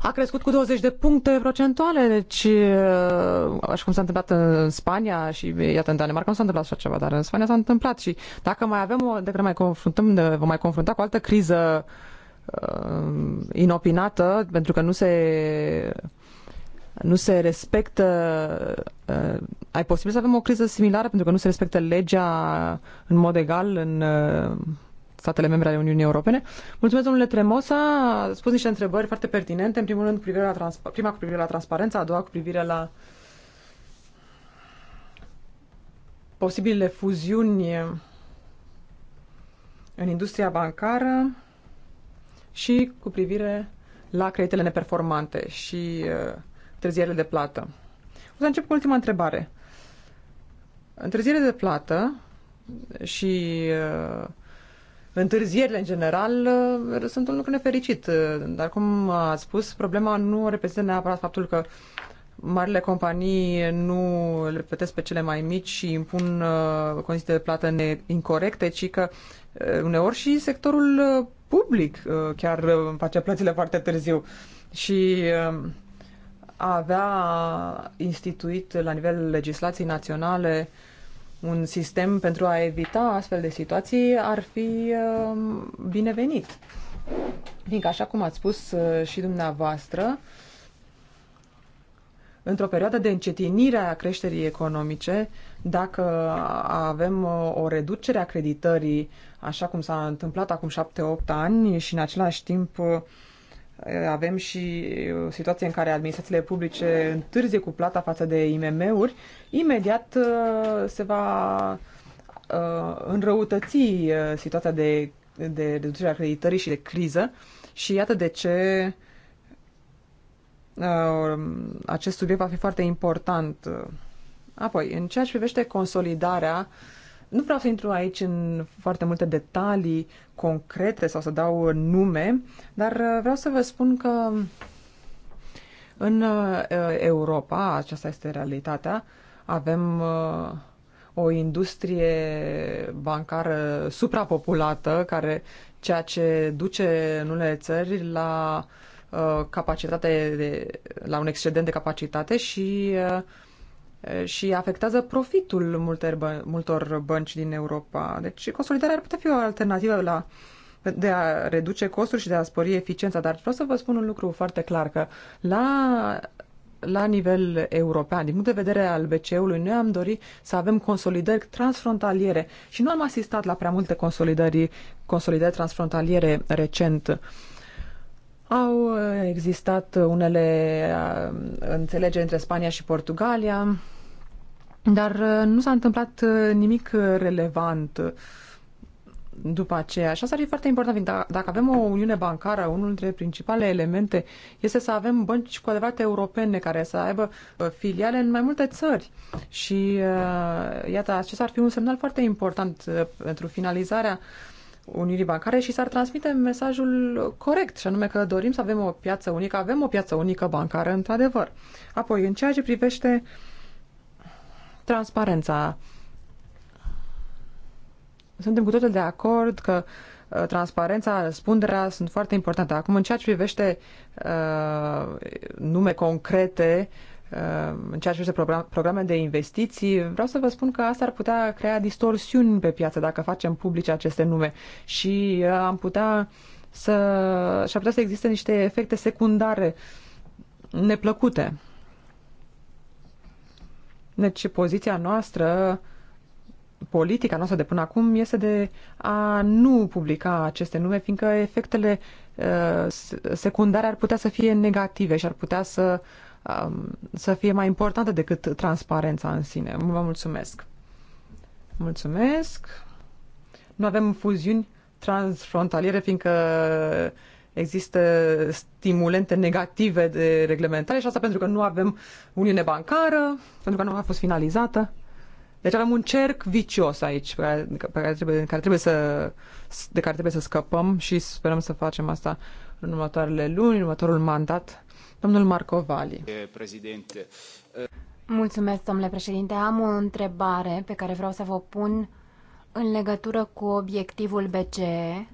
Speaker 3: a crescut cu 20 de puncte procentuale, deci uh, așa cum s-a întâmplat în Spania și iată în Danemarca nu s-a întâmplat așa ceva, dar în Spania s-a întâmplat și dacă mai avem o, dacă mai confruntăm, vom mai confrunta cu o altă criză uh, inopinată pentru că nu se nu se respectă uh, ai posibil să avem o criză similară pentru că nu se respectă legea în mod egal în uh, statele membre ale Uniunii Europene. Mulțumesc, domnule Tremosa. A spus niște întrebări foarte pertinente. În primul rând, cu privire la trans- prima cu privire la transparență, a doua cu privire la posibile fuziuni în industria bancară și cu privire la creditele neperformante și uh, întârzierile de plată. O să încep cu ultima întrebare. Întârzierile de plată și uh, întârzierile în general uh, sunt un lucru nefericit. Uh, dar cum a spus, problema nu reprezintă neapărat faptul că marile companii nu le plătesc pe cele mai mici și impun uh, condiții de plată incorrecte, ci că uneori și sectorul public chiar face plățile foarte târziu. Și a avea instituit la nivel legislației naționale uh, un sistem pentru a evita astfel de situații ar fi um, binevenit. Fiindcă, așa cum ați spus uh, și dumneavoastră, într-o perioadă de încetinire a creșterii economice, dacă avem uh, o reducere a creditării, așa cum s-a întâmplat acum 7-8 ani și în același timp uh, Eh, avem și eh, o situație în care administrațiile publice întârzie cu plata față de IMM-uri, imediat eh, se va înrăutăți situația de, de a creditării și de criză și iată de ce acest subiect va fi foarte important. Apoi, în ceea ce privește consolidarea uh, nu vreau să intru aici în foarte multe detalii concrete sau să dau nume, dar uh, vreau să vă spun că în uh, Europa, aceasta este realitatea, avem uh, o industrie bancară suprapopulată, care ceea ce duce în unele țări la capacitate, de, la un excedent de capacitate și și afectează profitul multor, bă- multor bănci din Europa. Deci consolidarea ar putea fi o alternativă la de a reduce costuri și de a spori eficiența, dar vreau să vă spun un lucru foarte clar, că la, la nivel european, din punct de vedere al BCE-ului, noi am dorit să avem consolidări transfrontaliere și nu am asistat la prea multe consolidări, consolidări transfrontaliere recent. Au existat unele înțelegeri între Spania și Portugalia, dar uh, nu s-a întâmplat uh, nimic uh, relevant după aceea. Și asta ar fi foarte important. Da, dacă avem o uniune bancară, unul dintre principalele elemente este să avem bănci cu adevărat europene care să aibă filiale în mai multe țări. Și iată, acesta ar fi un semnal foarte important pentru finalizarea Unirii Bancare și s-ar transmite mesajul corect, și anume că dorim să avem o piață unică, avem o piață unică bancară, într-adevăr. Apoi, în ceea ce privește uh, Transparența. Suntem cu totul de acord că uh, transparența, răspunderea sunt foarte importante. Acum, în ceea ce privește uh, nume concrete, uh, în ceea ce este programe de investiții, vreau să vă spun că asta ar putea crea distorsiuni pe piață dacă facem publice aceste nume și uh, am putea să, și ar putea să existe niște efecte secundare neplăcute. Deci poziția noastră, politica noastră de până acum este de a nu publica aceste nume, fiindcă efectele uh, secundare ar putea să fie negative și ar putea să, um, să fie mai importante decât transparența în sine. Vă mulțumesc! Mulțumesc! Nu avem fuziuni transfrontaliere, fiindcă uh, există stimulente negative de reglementare și asta pentru că nu avem uniune bancară, pentru că nu a fost finalizată. Deci avem un cerc vicios aici pe care, pe care, trebuie, care trebuie să, de care trebuie să scăpăm și sperăm să facem asta în următoarele luni, în următorul mandat. Domnul Vali.
Speaker 1: Președinte. Mulțumesc, domnule președinte. Am o întrebare pe care vreau să vă pun în legătură cu obiectivul BCE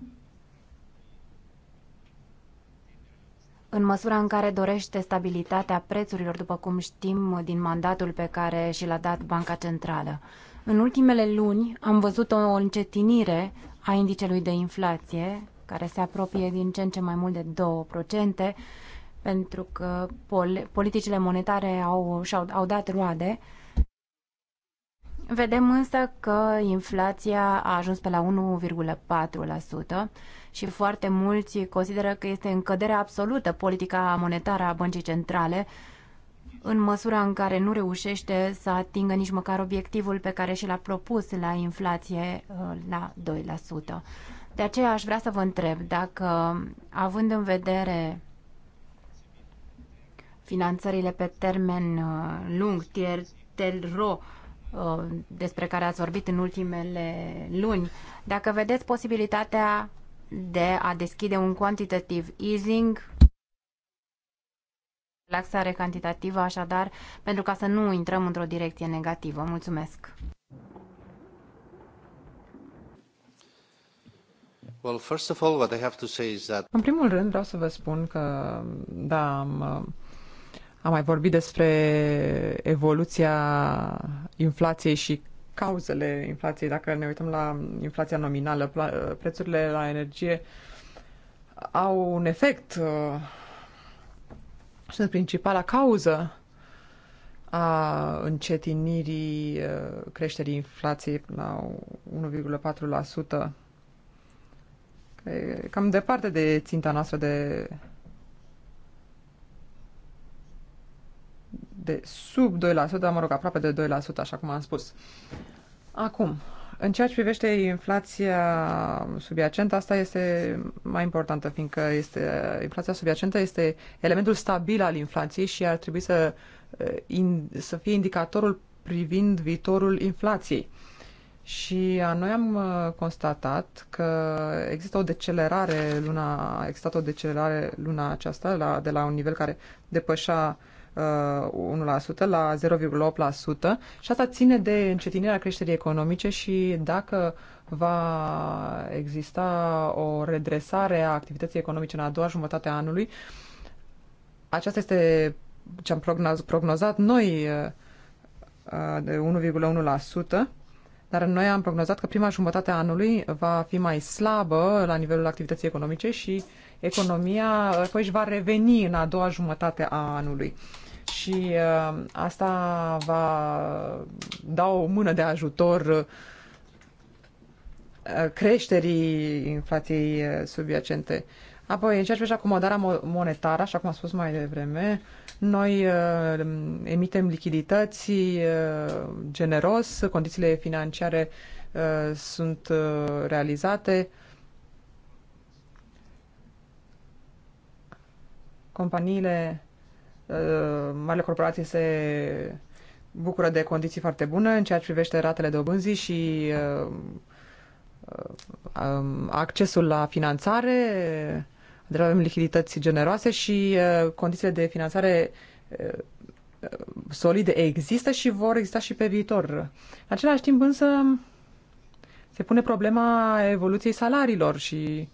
Speaker 1: în măsura în care dorește stabilitatea prețurilor, după cum știm din mandatul pe care și l-a dat Banca Centrală. În ultimele luni am văzut o încetinire a indicelui de inflație, care se apropie din ce în ce mai mult de 2%, pentru că politicile monetare au, și-au au dat roade Vedem însă că inflația a ajuns pe la 1,4% și foarte mulți consideră că este în cădere absolută politica monetară a băncii centrale, în măsura în care nu reușește să atingă nici măcar obiectivul pe care și l-a propus la inflație uh, la 2%. De aceea aș vrea să vă întreb dacă, având în vedere finanțările pe termen uh, lung, tier, ro Uh, despre care ați vorbit în ultimele luni, dacă vedeți posibilitatea de a deschide un quantitative easing, relaxare cantitativă, așadar, pentru ca să nu intrăm într-o direcție negativă. Mulțumesc!
Speaker 2: În
Speaker 3: primul rând, vreau să vă spun că, da, am am mai vorbit despre evoluția inflației și cauzele inflației. Dacă ne uităm la inflația nominală, prețurile la energie au un efect. Sunt uh, principala cauză a încetinirii uh, creșterii inflației la 1,4%. Cam departe de ținta noastră de de sub 2%, mă rog, aproape de 2%, așa cum am spus. Acum, în ceea ce privește inflația subiacentă, asta este mai importantă, fiindcă este, inflația subiacentă este elementul stabil al inflației și ar trebui să, eh, in, să fie indicatorul privind viitorul inflației. Și noi am eh, constatat că există o decelerare luna, a existat o decelerare luna aceasta la, de la un nivel care depășea uh, 1% la 0,8% și asta ține de încetinirea creșterii economice și dacă va exista o redresare a activității economice în a doua jumătate a anului, aceasta este ce am prognozat noi uh, uh, de 1,1%, dar noi am prognozat că prima jumătate a anului va fi mai slabă la nivelul activității economice și uh, economia apoi își va reveni în a doua jumătate a anului. Și uh, asta va da o mână de ajutor uh, creșterii inflației uh, subiacente. Apoi, în ceea ce privește acomodarea monetară, așa cum am spus mai devreme, noi uh, emitem lichidități uh, generos, condițiile financiare uh, sunt uh, realizate, uh, companiile, uh, marile corporații se bucură de condiții foarte bune în ceea ce privește ratele dobânzii și uh, uh, um, accesul la finanțare, avem lichidități generoase și condițiile de finanțare solide există și vor exista și pe viitor. În același timp însă se pune problema evoluției salariilor și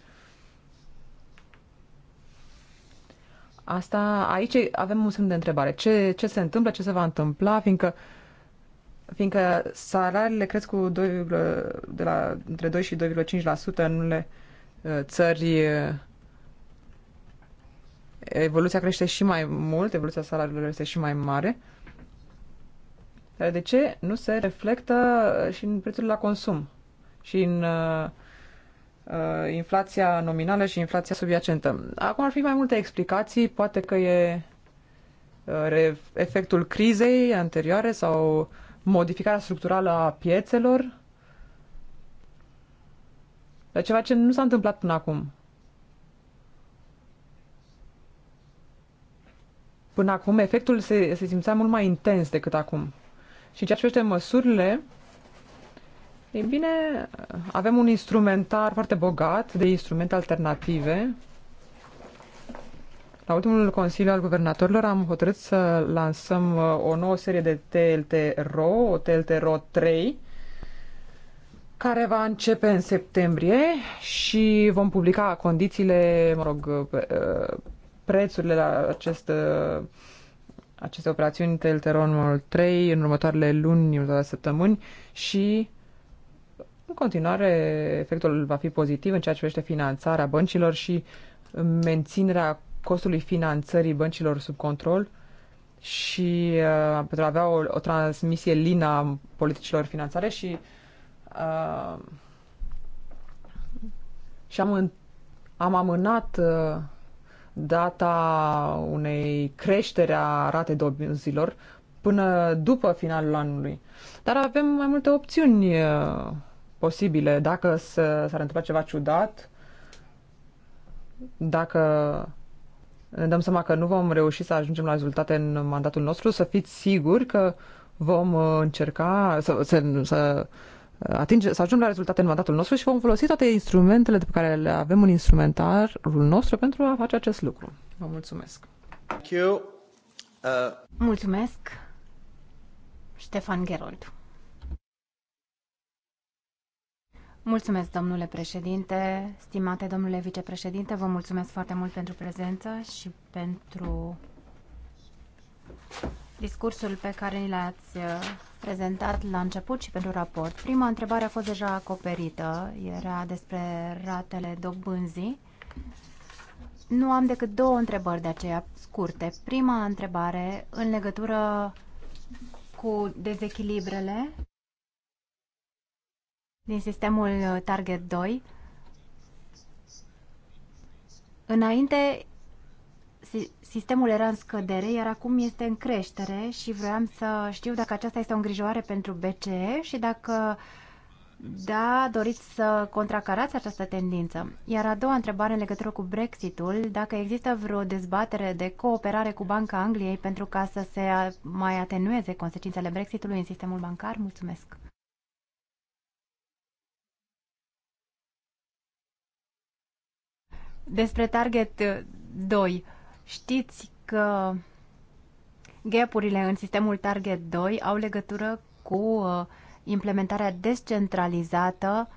Speaker 3: Asta, aici avem un semn de întrebare. Ce, ce se întâmplă, ce se va întâmpla, fiindcă fiindcă salariile cresc cu 2, de la, între 2 și 2,5% în unele uh, țări uh, evoluția crește și mai mult, evoluția salariilor este și mai mare. Dar de ce nu se reflectă uh, și în prețul la consum și în Uh, inflația nominală și inflația subiacentă. Acum ar fi mai multe explicații, poate că e uh, efectul crizei anterioare sau modificarea structurală a piețelor, dar ceva ce nu s-a întâmplat până acum. Până acum efectul se, se simțea mult mai intens decât acum. Și ceea ce privește măsurile, ei bine, avem un instrumentar foarte bogat de instrumente alternative. La ultimul Consiliu al Guvernatorilor am hotărât să lansăm uh, o nouă serie de TLT-RO, o TLT-RO 3, care va începe în septembrie și vom publica condițiile, mă rog, uh, uh, prețurile la acest, aceste operațiuni ro 3 în următoarele luni, în următoarele săptămâni și în continuare, efectul va fi pozitiv în ceea ce privește finanțarea băncilor și menținerea costului finanțării băncilor sub control și uh, pentru a avea o, o transmisie lină a politicilor finanțare și uh, și am, am amânat uh, data unei creșteri a ratei dobânzilor până după finalul anului. Dar avem mai multe opțiuni uh, posibile. Dacă s-ar întâmpla ceva ciudat, dacă ne dăm seama că nu vom reuși să ajungem la rezultate în mandatul nostru, să fiți siguri că vom uh, încerca să, să, să, atinge, să ajungem la rezultate în mandatul nostru și vom folosi toate instrumentele pe care le avem în instrumentarul nostru pentru a face acest lucru.
Speaker 1: Vă mulțumesc! Thank you. Uh... Mulțumesc, Ștefan Gerold. Mulțumesc, domnule președinte, stimate domnule vicepreședinte, vă mulțumesc foarte mult pentru prezență și pentru discursul pe care ni l-ați uh, prezentat la început și pentru raport. Prima întrebare a fost deja acoperită, era despre ratele dobânzii. Nu am decât două întrebări de aceea scurte. Prima întrebare în legătură cu dezechilibrele din sistemul uh, Target 2. Înainte, sistemul era în scădere, iar acum este în creștere și vreau să știu dacă aceasta este o îngrijoare pentru BCE și dacă da, doriți să contracarați această tendință. Iar a doua întrebare în legătură cu Brexitul, dacă există vreo dezbatere de cooperare cu Banca Angliei pentru ca să se mai atenueze consecințele Brexitului în sistemul bancar? Mulțumesc! Despre Target 2, știți că gapurile în sistemul Target 2 au legătură cu uh, implementarea descentralizată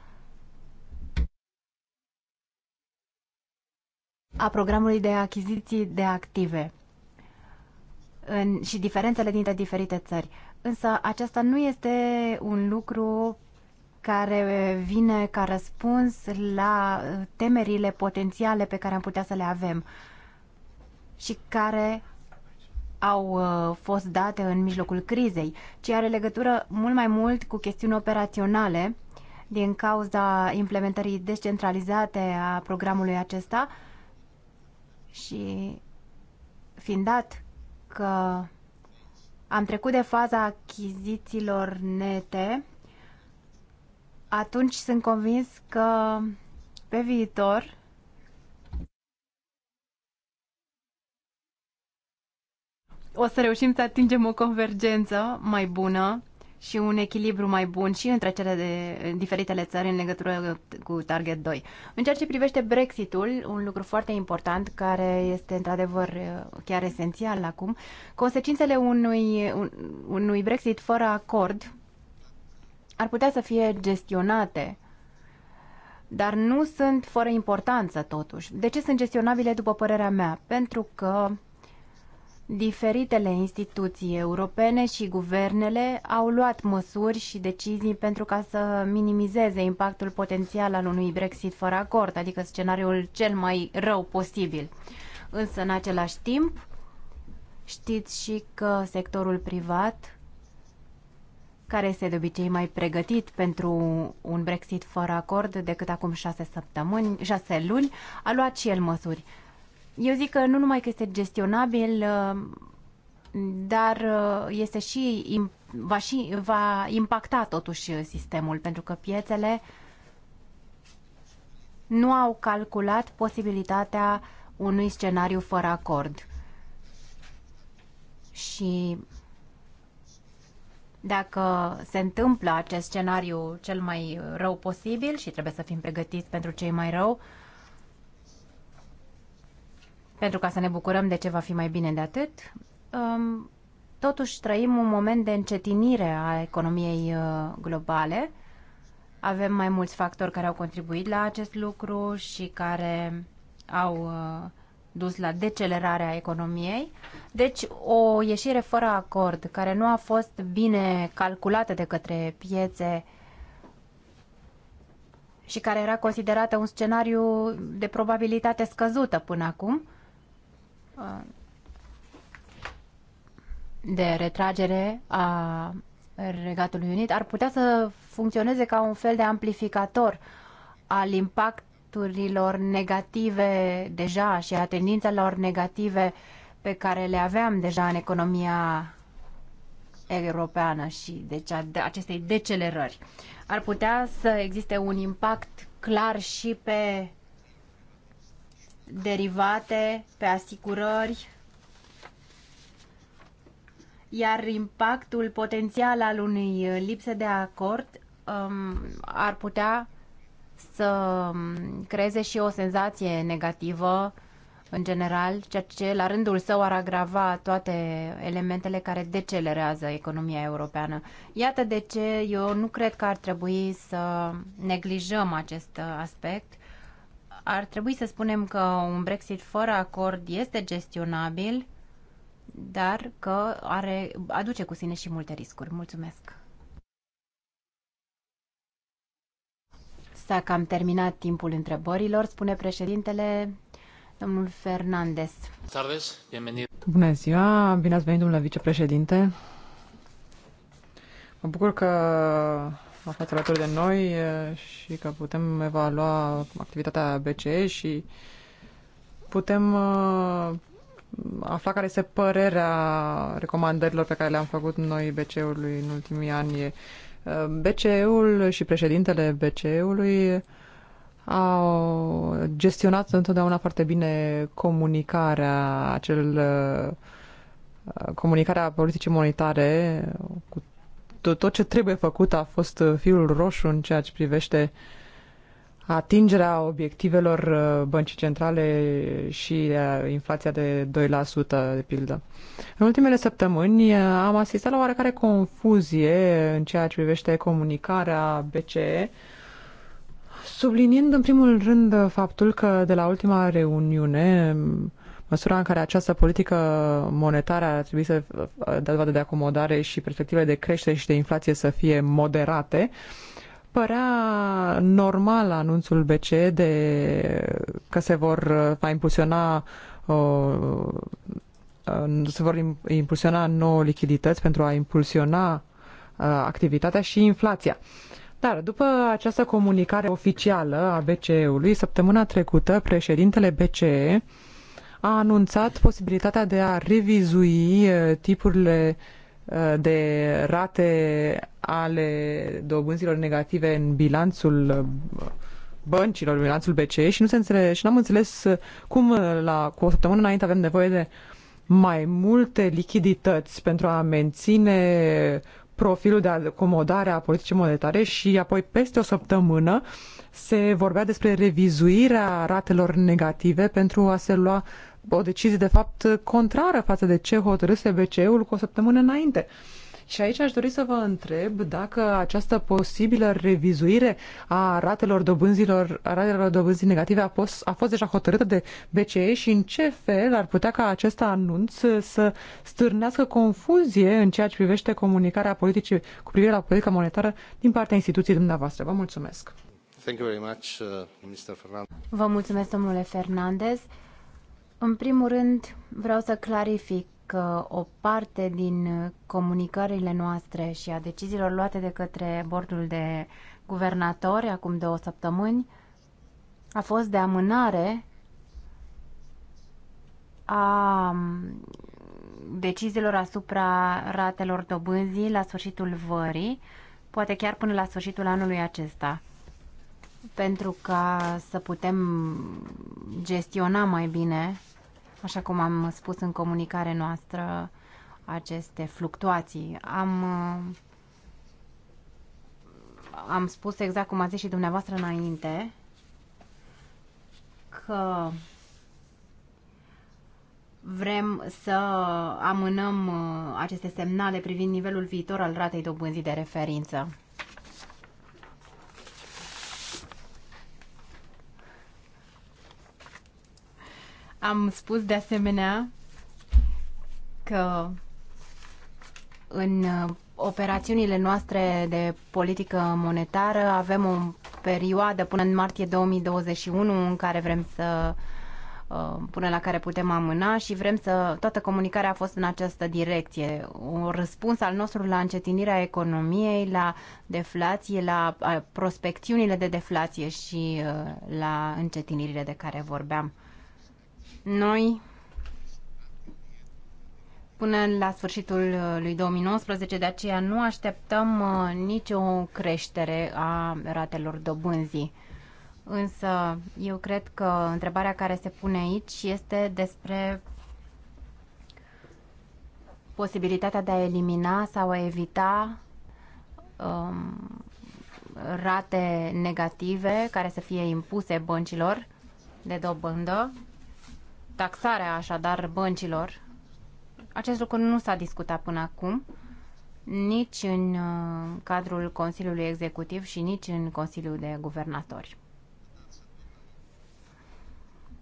Speaker 1: a programului de achiziții de active în, și diferențele dintre diferite țări. Însă aceasta nu este un lucru care vine ca răspuns la temerile potențiale pe care am putea să le avem și care au uh, fost date în mijlocul crizei, ci are legătură mult mai mult cu chestiuni operaționale din cauza implementării descentralizate a programului acesta și fiind dat că am trecut de faza achizițiilor nete atunci sunt convins că pe viitor o să reușim să atingem o convergență mai bună și un echilibru mai bun și între cele de diferitele țări în legătură cu Target 2. În ceea ce privește Brexitul, un lucru foarte important care este într-adevăr uh, chiar esențial acum, consecințele unui, unui Brexit fără acord ar putea să fie gestionate, dar nu sunt fără importanță totuși. De ce sunt gestionabile după părerea mea? Pentru că diferitele instituții europene și guvernele au luat măsuri și decizii pentru ca să minimizeze impactul potențial al unui Brexit fără acord, adică scenariul cel mai rău posibil. Însă, în același timp, știți și că sectorul privat care este de obicei mai pregătit pentru un Brexit fără acord decât acum șase săptămâni, șase luni, a luat și el măsuri. Eu zic că nu numai că este gestionabil, dar uh, este și va, și, va impacta totuși sistemul, pentru că piețele nu au calculat posibilitatea unui scenariu fără acord. Și dacă se întâmplă acest scenariu cel mai rău posibil și trebuie să fim pregătiți pentru cei mai rău, pentru ca să ne bucurăm de ce va fi mai bine de atât, um, totuși trăim un moment de încetinire a economiei uh, globale. Avem mai mulți factori care au contribuit la acest lucru și care au uh, dus la decelerarea economiei. Deci o ieșire fără acord, care nu a fost bine calculată de către piețe și care era considerată un scenariu de probabilitate scăzută până acum, uh, de retragere a Regatului Unit, ar putea să funcționeze ca un fel de amplificator al impact impacturilor negative deja și a tendințelor negative pe care le aveam deja în economia europeană și deci acestei decelerări. Ar putea să existe un impact clar și pe derivate, pe asigurări, iar impactul potențial al unei lipse de acord um, ar putea să mm, creeze și o senzație negativă în general, ceea ce la rândul său ar agrava toate elementele care decelerează economia europeană. Iată de ce eu nu cred că ar trebui să neglijăm acest aspect. Ar trebui să spunem că un Brexit fără acord este gestionabil, dar că are, aduce cu sine și multe riscuri. Mulțumesc! S-a cam terminat timpul întrebărilor, spune președintele domnul
Speaker 3: Fernandez. Bună ziua, bine ați venit, domnule vicepreședinte. Mă bucur că a fost alături de noi și că putem evalua activitatea BCE și putem afla care este părerea recomandărilor pe care le-am făcut noi BCE-ului în ultimii ani. BCE-ul și președintele BCE-ului au gestionat întotdeauna foarte bine comunicarea acel uh, comunicarea politicii monetare cu tot ce trebuie făcut a fost fiul roșu în ceea ce privește uh, atingerea obiectivelor uh, băncii centrale și uh, inflația de 2%, de pildă. În ultimele săptămâni uh, am asistat la oarecare confuzie în ceea ce privește comunicarea BCE, subliniind în primul rând faptul că de la ultima reuniune măsura în care această politică monetară ar trebui să dea dovadă de acomodare și perspectivele de creștere și de inflație să fie moderate, părea normal anunțul BCE de că se vor uh, va impulsiona uh, se vor impulsiona nouă lichidități pentru a impulsiona uh, activitatea și inflația. Dar după această comunicare oficială a BCE-ului, săptămâna trecută, președintele BCE a anunțat posibilitatea de a revizui uh, tipurile uh, de rate ale dobânzilor negative în bilanțul uh, băncilor, bilanțul BCE și nu se înțeles, și n-am înțeles uh, cum uh, la, cu o săptămână înainte avem nevoie de mai multe lichidități pentru a menține profilul de acomodare a politicii monetare și apoi peste o săptămână se vorbea despre revizuirea ratelor negative pentru a se lua uh, o decizie de fapt contrară față de ce hotărâse BCE-ul cu o săptămână înainte. Și aici aș dori să vă întreb dacă această posibilă revizuire a ratelor dobânzilor, a ratelor dobânzii negative a fost, a fost deja hotărâtă de BCE și în ce fel ar putea ca acest anunț să stârnească confuzie în ceea ce privește comunicarea politicii cu privire la politica monetară din partea instituției dumneavoastră. Vă mulțumesc!
Speaker 2: Thank you very much, uh, Mr. Fernandez.
Speaker 1: Vă mulțumesc, domnule Fernandez. În primul rând, vreau să clarific că o parte din comunicările noastre și a deciziilor luate de către bordul de guvernatori acum două săptămâni a fost de amânare a mm, deciziilor asupra ratelor dobânzii la sfârșitul vării, poate chiar până la sfârșitul anului acesta, pentru ca să putem gestiona mai bine Așa cum am spus în comunicare noastră, aceste fluctuații. Am, uh, am spus exact cum ați zis și dumneavoastră înainte că vrem să amânăm uh, aceste semnale privind nivelul viitor al ratei dobânzii de referință. Am spus de asemenea că în uh, operațiunile noastre de politică monetară avem o perioadă până în martie 2021 în care vrem să uh, până la care putem amâna și vrem să toată comunicarea a fost în această direcție. Un răspuns al nostru la încetinirea economiei, la deflație, la prospecțiunile de deflație și uh, la încetinirile de care vorbeam. Noi, până la sfârșitul uh, lui 2019, de aceea nu așteptăm uh, nicio creștere a ratelor dobânzii. Însă, eu cred că întrebarea care se pune aici este despre posibilitatea de a elimina sau a evita um, rate negative care să fie impuse băncilor de dobândă taxarea așadar băncilor. Acest lucru nu s-a discutat până acum, nici în uh, cadrul Consiliului Executiv și nici în Consiliul de Guvernatori.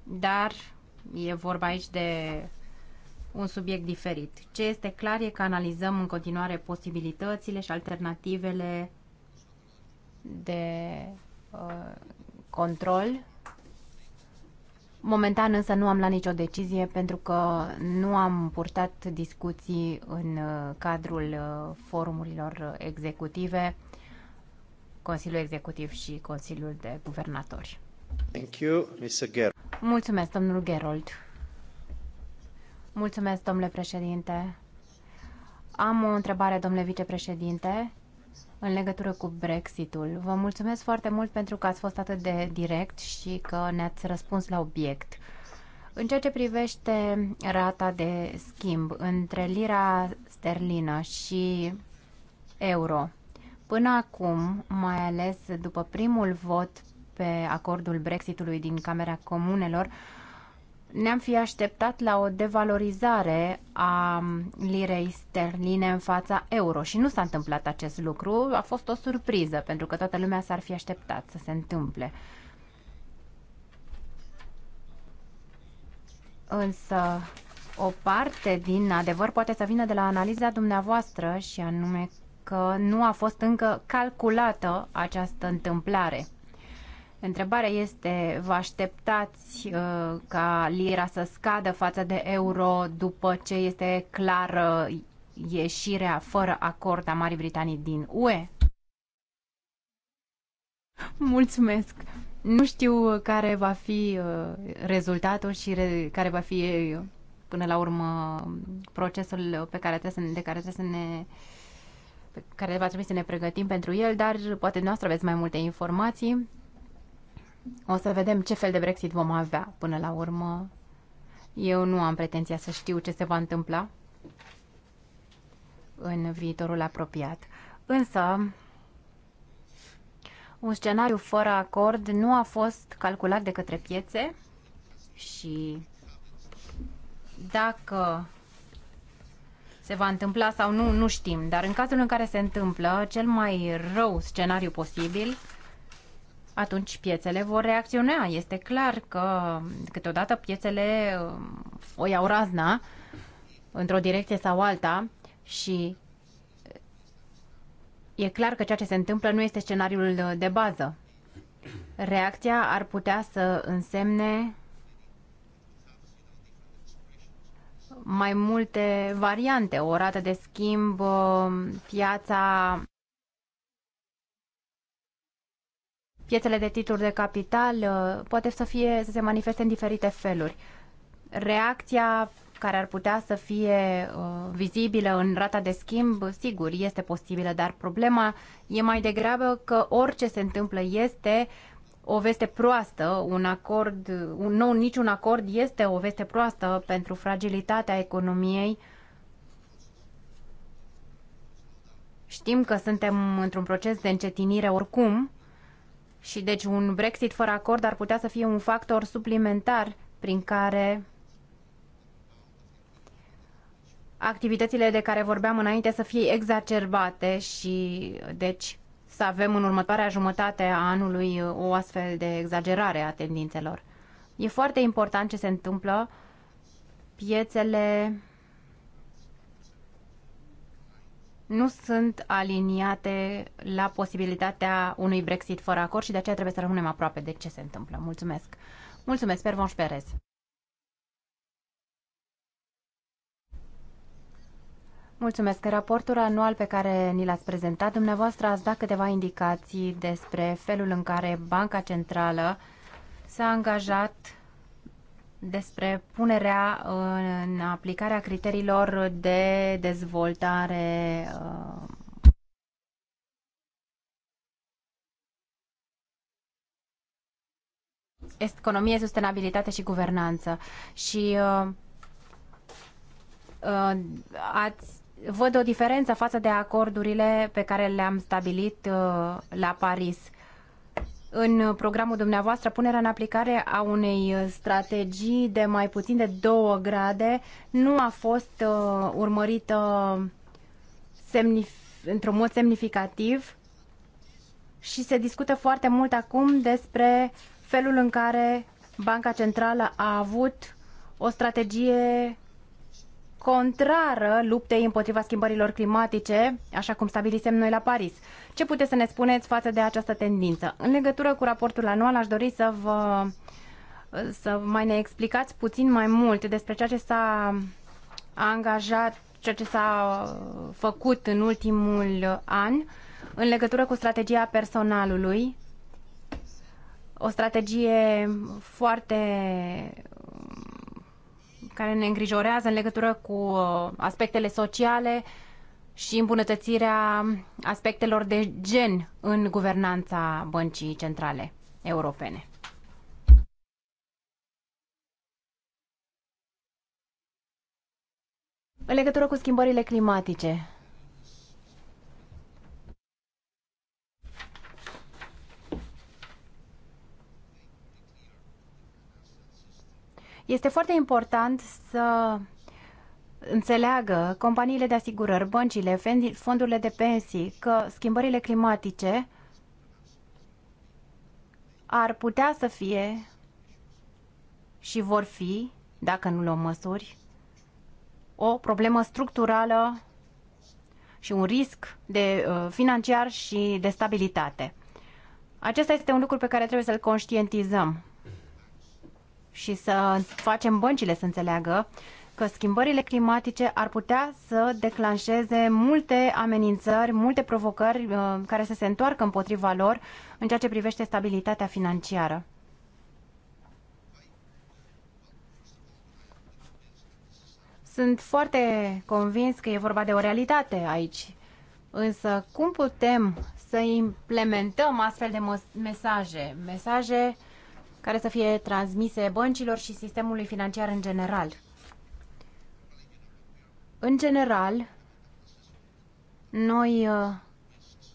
Speaker 1: Dar e vorba aici de un subiect diferit. Ce este clar e că analizăm în continuare posibilitățile și alternativele de uh, control Momentan însă nu am luat nicio decizie pentru că nu am purtat discuții în uh, cadrul uh, forumurilor executive, Consiliul Executiv și Consiliul de Guvernatori.
Speaker 2: Thank you, Mr. Ger
Speaker 1: Mulțumesc, domnul Gerold. Mulțumesc, domnule președinte. Am o întrebare, domnule vicepreședinte în legătură cu Brexitul. Vă mulțumesc foarte mult pentru că ați fost atât de direct și că ne-ați răspuns la obiect. În ceea ce privește rata de schimb între lira sterlină și euro, până acum, mai ales după primul vot pe acordul Brexitului din Camera Comunelor, ne-am fi așteptat la o devalorizare a lirei sterline în fața euro și nu s-a întâmplat acest lucru, a fost o surpriză pentru că toată lumea s-ar fi așteptat să se întâmple. Însă o parte din adevăr poate să vină de la analiza dumneavoastră și anume că nu a fost încă calculată această întâmplare. Întrebarea este, vă așteptați uh, ca lira să scadă față de euro după ce este clară ieșirea fără acord a Marii Britanii din UE? Mulțumesc! Nu știu care va fi uh, rezultatul și care va fi uh, până la urmă procesul pe care trebuie să, de care trebuie să ne care va trebui să ne pregătim pentru el, dar poate noastră aveți mai multe informații. O să vedem ce fel de Brexit vom avea până la urmă. Eu nu am pretenția să știu ce se va întâmpla în viitorul apropiat. Însă, un scenariu fără acord nu a fost calculat de către piețe și dacă se va întâmpla sau nu, nu știm. Dar în cazul în care se întâmplă, cel mai rău scenariu posibil atunci piețele vor reacționa. Este clar că câteodată piețele um, o iau razna într-o direcție sau alta și uh, e clar că ceea ce se întâmplă nu este scenariul de bază. Reacția ar putea să însemne mai multe variante, o rată de schimb, um, piața piețele de titluri de capital uh, poate să, fie, să se manifeste în diferite feluri. Reacția care ar putea să fie uh, vizibilă în rata de schimb, sigur, este posibilă, dar problema e mai degrabă că orice se întâmplă este o veste proastă, un acord, un, nou niciun acord este o veste proastă pentru fragilitatea economiei. Știm că suntem într-un proces de încetinire oricum, și deci un Brexit fără acord ar putea să fie un factor suplimentar prin care activitățile de care vorbeam înainte să fie exacerbate și deci să avem în următoarea jumătate a anului o astfel de exagerare a tendințelor. E foarte important ce se întâmplă. Piețele nu sunt aliniate la posibilitatea unui Brexit fără acord și de aceea trebuie să rămânem aproape de ce se întâmplă. Mulțumesc. Mulțumesc, Pervonș Perez. Mulțumesc. Raportul anual pe care ni l-ați prezentat, dumneavoastră ați dat câteva indicații despre felul în care Banca Centrală s-a angajat despre punerea uh, în aplicarea criteriilor de dezvoltare uh, economie, sustenabilitate și guvernanță. Și uh, uh, ați văd o diferență față de acordurile pe care le-am stabilit uh, la Paris în programul dumneavoastră punerea în aplicare a unei strategii de mai puțin de două grade nu a fost uh, urmărită într-un mod semnificativ și se discută foarte mult acum despre felul în care Banca Centrală a avut o strategie contrară luptei împotriva schimbărilor climatice, așa cum stabilisem noi la Paris. Ce puteți să ne spuneți față de această tendință? În legătură cu raportul anual, aș dori să vă să mai ne explicați puțin mai mult despre ceea ce s-a angajat, ceea ce s-a uh, făcut în ultimul an în legătură cu strategia personalului o strategie foarte care ne îngrijorează în legătură cu uh, aspectele sociale și îmbunătățirea aspectelor de gen în guvernanța băncii centrale europene. În legătură cu schimbările climatice, Este foarte important să înțeleagă companiile de asigurări, băncile, fondurile de pensii că schimbările climatice ar putea să fie și vor fi, dacă nu luăm măsuri, o problemă structurală și un risc de uh, financiar și de stabilitate. Acesta este un lucru pe care trebuie să-l conștientizăm și să facem băncile să înțeleagă că schimbările climatice ar putea să declanșeze multe amenințări, multe provocări uh, care să se întoarcă împotriva lor în ceea ce privește stabilitatea financiară. Sunt foarte convins că e vorba de o realitate aici. Însă cum putem să implementăm astfel de mesaje? Mesaje care să fie transmise băncilor și sistemului financiar în general. În general, noi uh,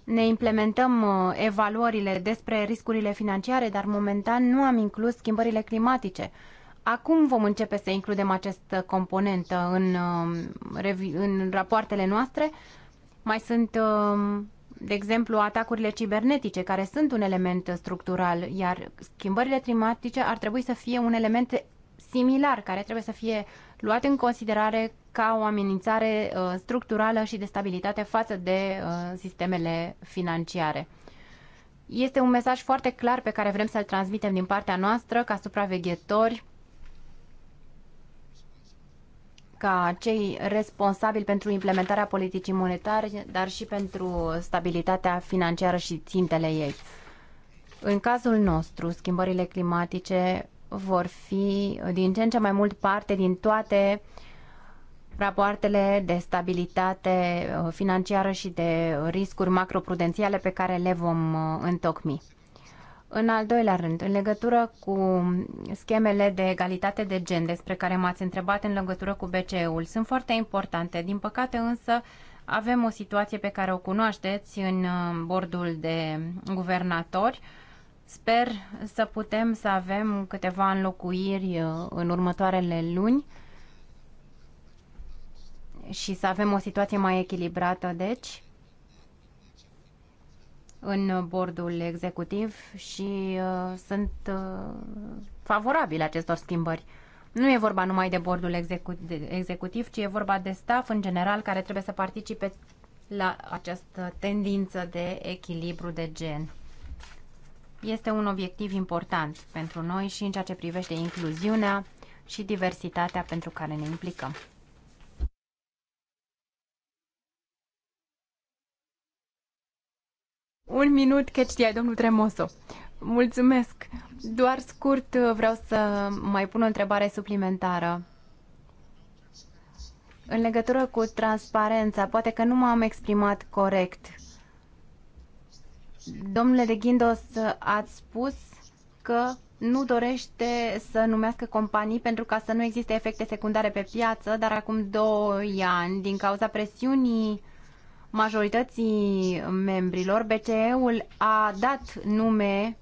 Speaker 1: ne implementăm uh, evaluările despre riscurile financiare, dar momentan nu am inclus schimbările climatice. Acum vom începe să includem această componentă în, uh, în rapoartele noastre. Mai sunt de exemplu, atacurile cibernetice, care sunt un element structural, iar schimbările climatice ar trebui să fie un element similar, care trebuie să fie luat în considerare ca o amenințare uh, structurală și de stabilitate față de uh, sistemele financiare. Este un mesaj foarte clar pe care vrem să-l transmitem din partea noastră ca supraveghetori ca cei responsabili pentru implementarea politicii monetare, dar și pentru stabilitatea financiară și țintele ei. În cazul nostru, schimbările climatice vor fi din ce în ce mai mult parte din toate rapoartele de stabilitate uh, financiară și de riscuri macroprudențiale pe care le vom uh, întocmi. În al doilea rând, în legătură cu schemele de egalitate de gen despre care m-ați întrebat în legătură cu BCE-ul, sunt foarte importante. Din păcate însă avem o situație pe care o cunoașteți în uh, bordul de guvernatori. Sper să putem să avem câteva înlocuiri uh, în următoarele luni și să avem o situație mai echilibrată, deci în bordul executiv și uh, sunt uh, favorabile acestor schimbări. Nu e vorba numai de bordul execu- de executiv, ci e vorba de staff în general care trebuie să participe la această tendință de echilibru de gen. Este un obiectiv important pentru noi și în ceea ce privește incluziunea și diversitatea pentru care ne implicăm. Un minut, că știai, domnul Tremoso. Mulțumesc. Doar scurt vreau să mai pun o întrebare suplimentară. În legătură cu transparența, poate că nu m-am exprimat corect. Domnule de Ghindos, ați spus că nu dorește să numească companii pentru ca să nu existe efecte secundare pe piață, dar acum doi ani, din cauza presiunii majorității membrilor, BCE-ul a dat nume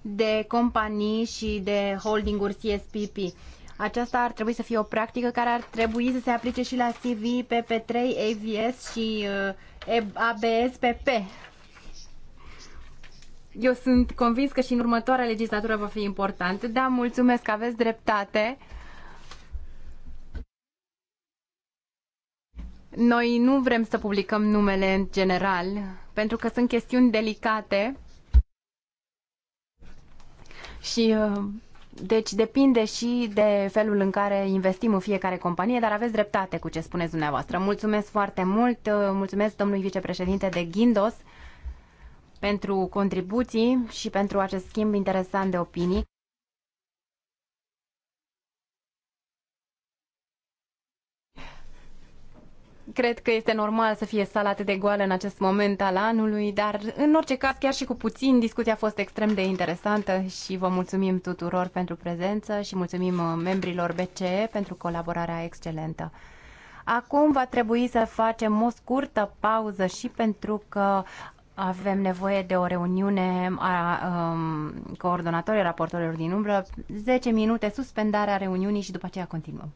Speaker 1: de companii și de holdinguri CSPP. Aceasta ar trebui să fie o practică care ar trebui să se aplice și la CV, PP3, AVS și uh, ABSPP. Eu sunt convins că și în următoarea legislatură va fi important. Da, mulțumesc, aveți dreptate. Noi nu vrem să publicăm numele în general, pentru că sunt chestiuni delicate și uh, deci depinde și de felul în care investim în fiecare companie, dar aveți dreptate cu ce spuneți dumneavoastră. Mulțumesc foarte mult, uh, mulțumesc domnului vicepreședinte de Gindos pentru contribuții și pentru acest schimb interesant de opinii. Cred că este normal să fie sala atât de goală în acest moment al anului, dar în orice caz, chiar și cu puțin, discuția a fost extrem de interesantă și vă mulțumim tuturor pentru prezență și mulțumim uh, membrilor BCE pentru colaborarea excelentă. Acum va trebui să facem o scurtă pauză și pentru că avem nevoie de o reuniune a um, coordonatorilor raportorilor din umbră. 10 minute suspendarea reuniunii și după aceea continuăm.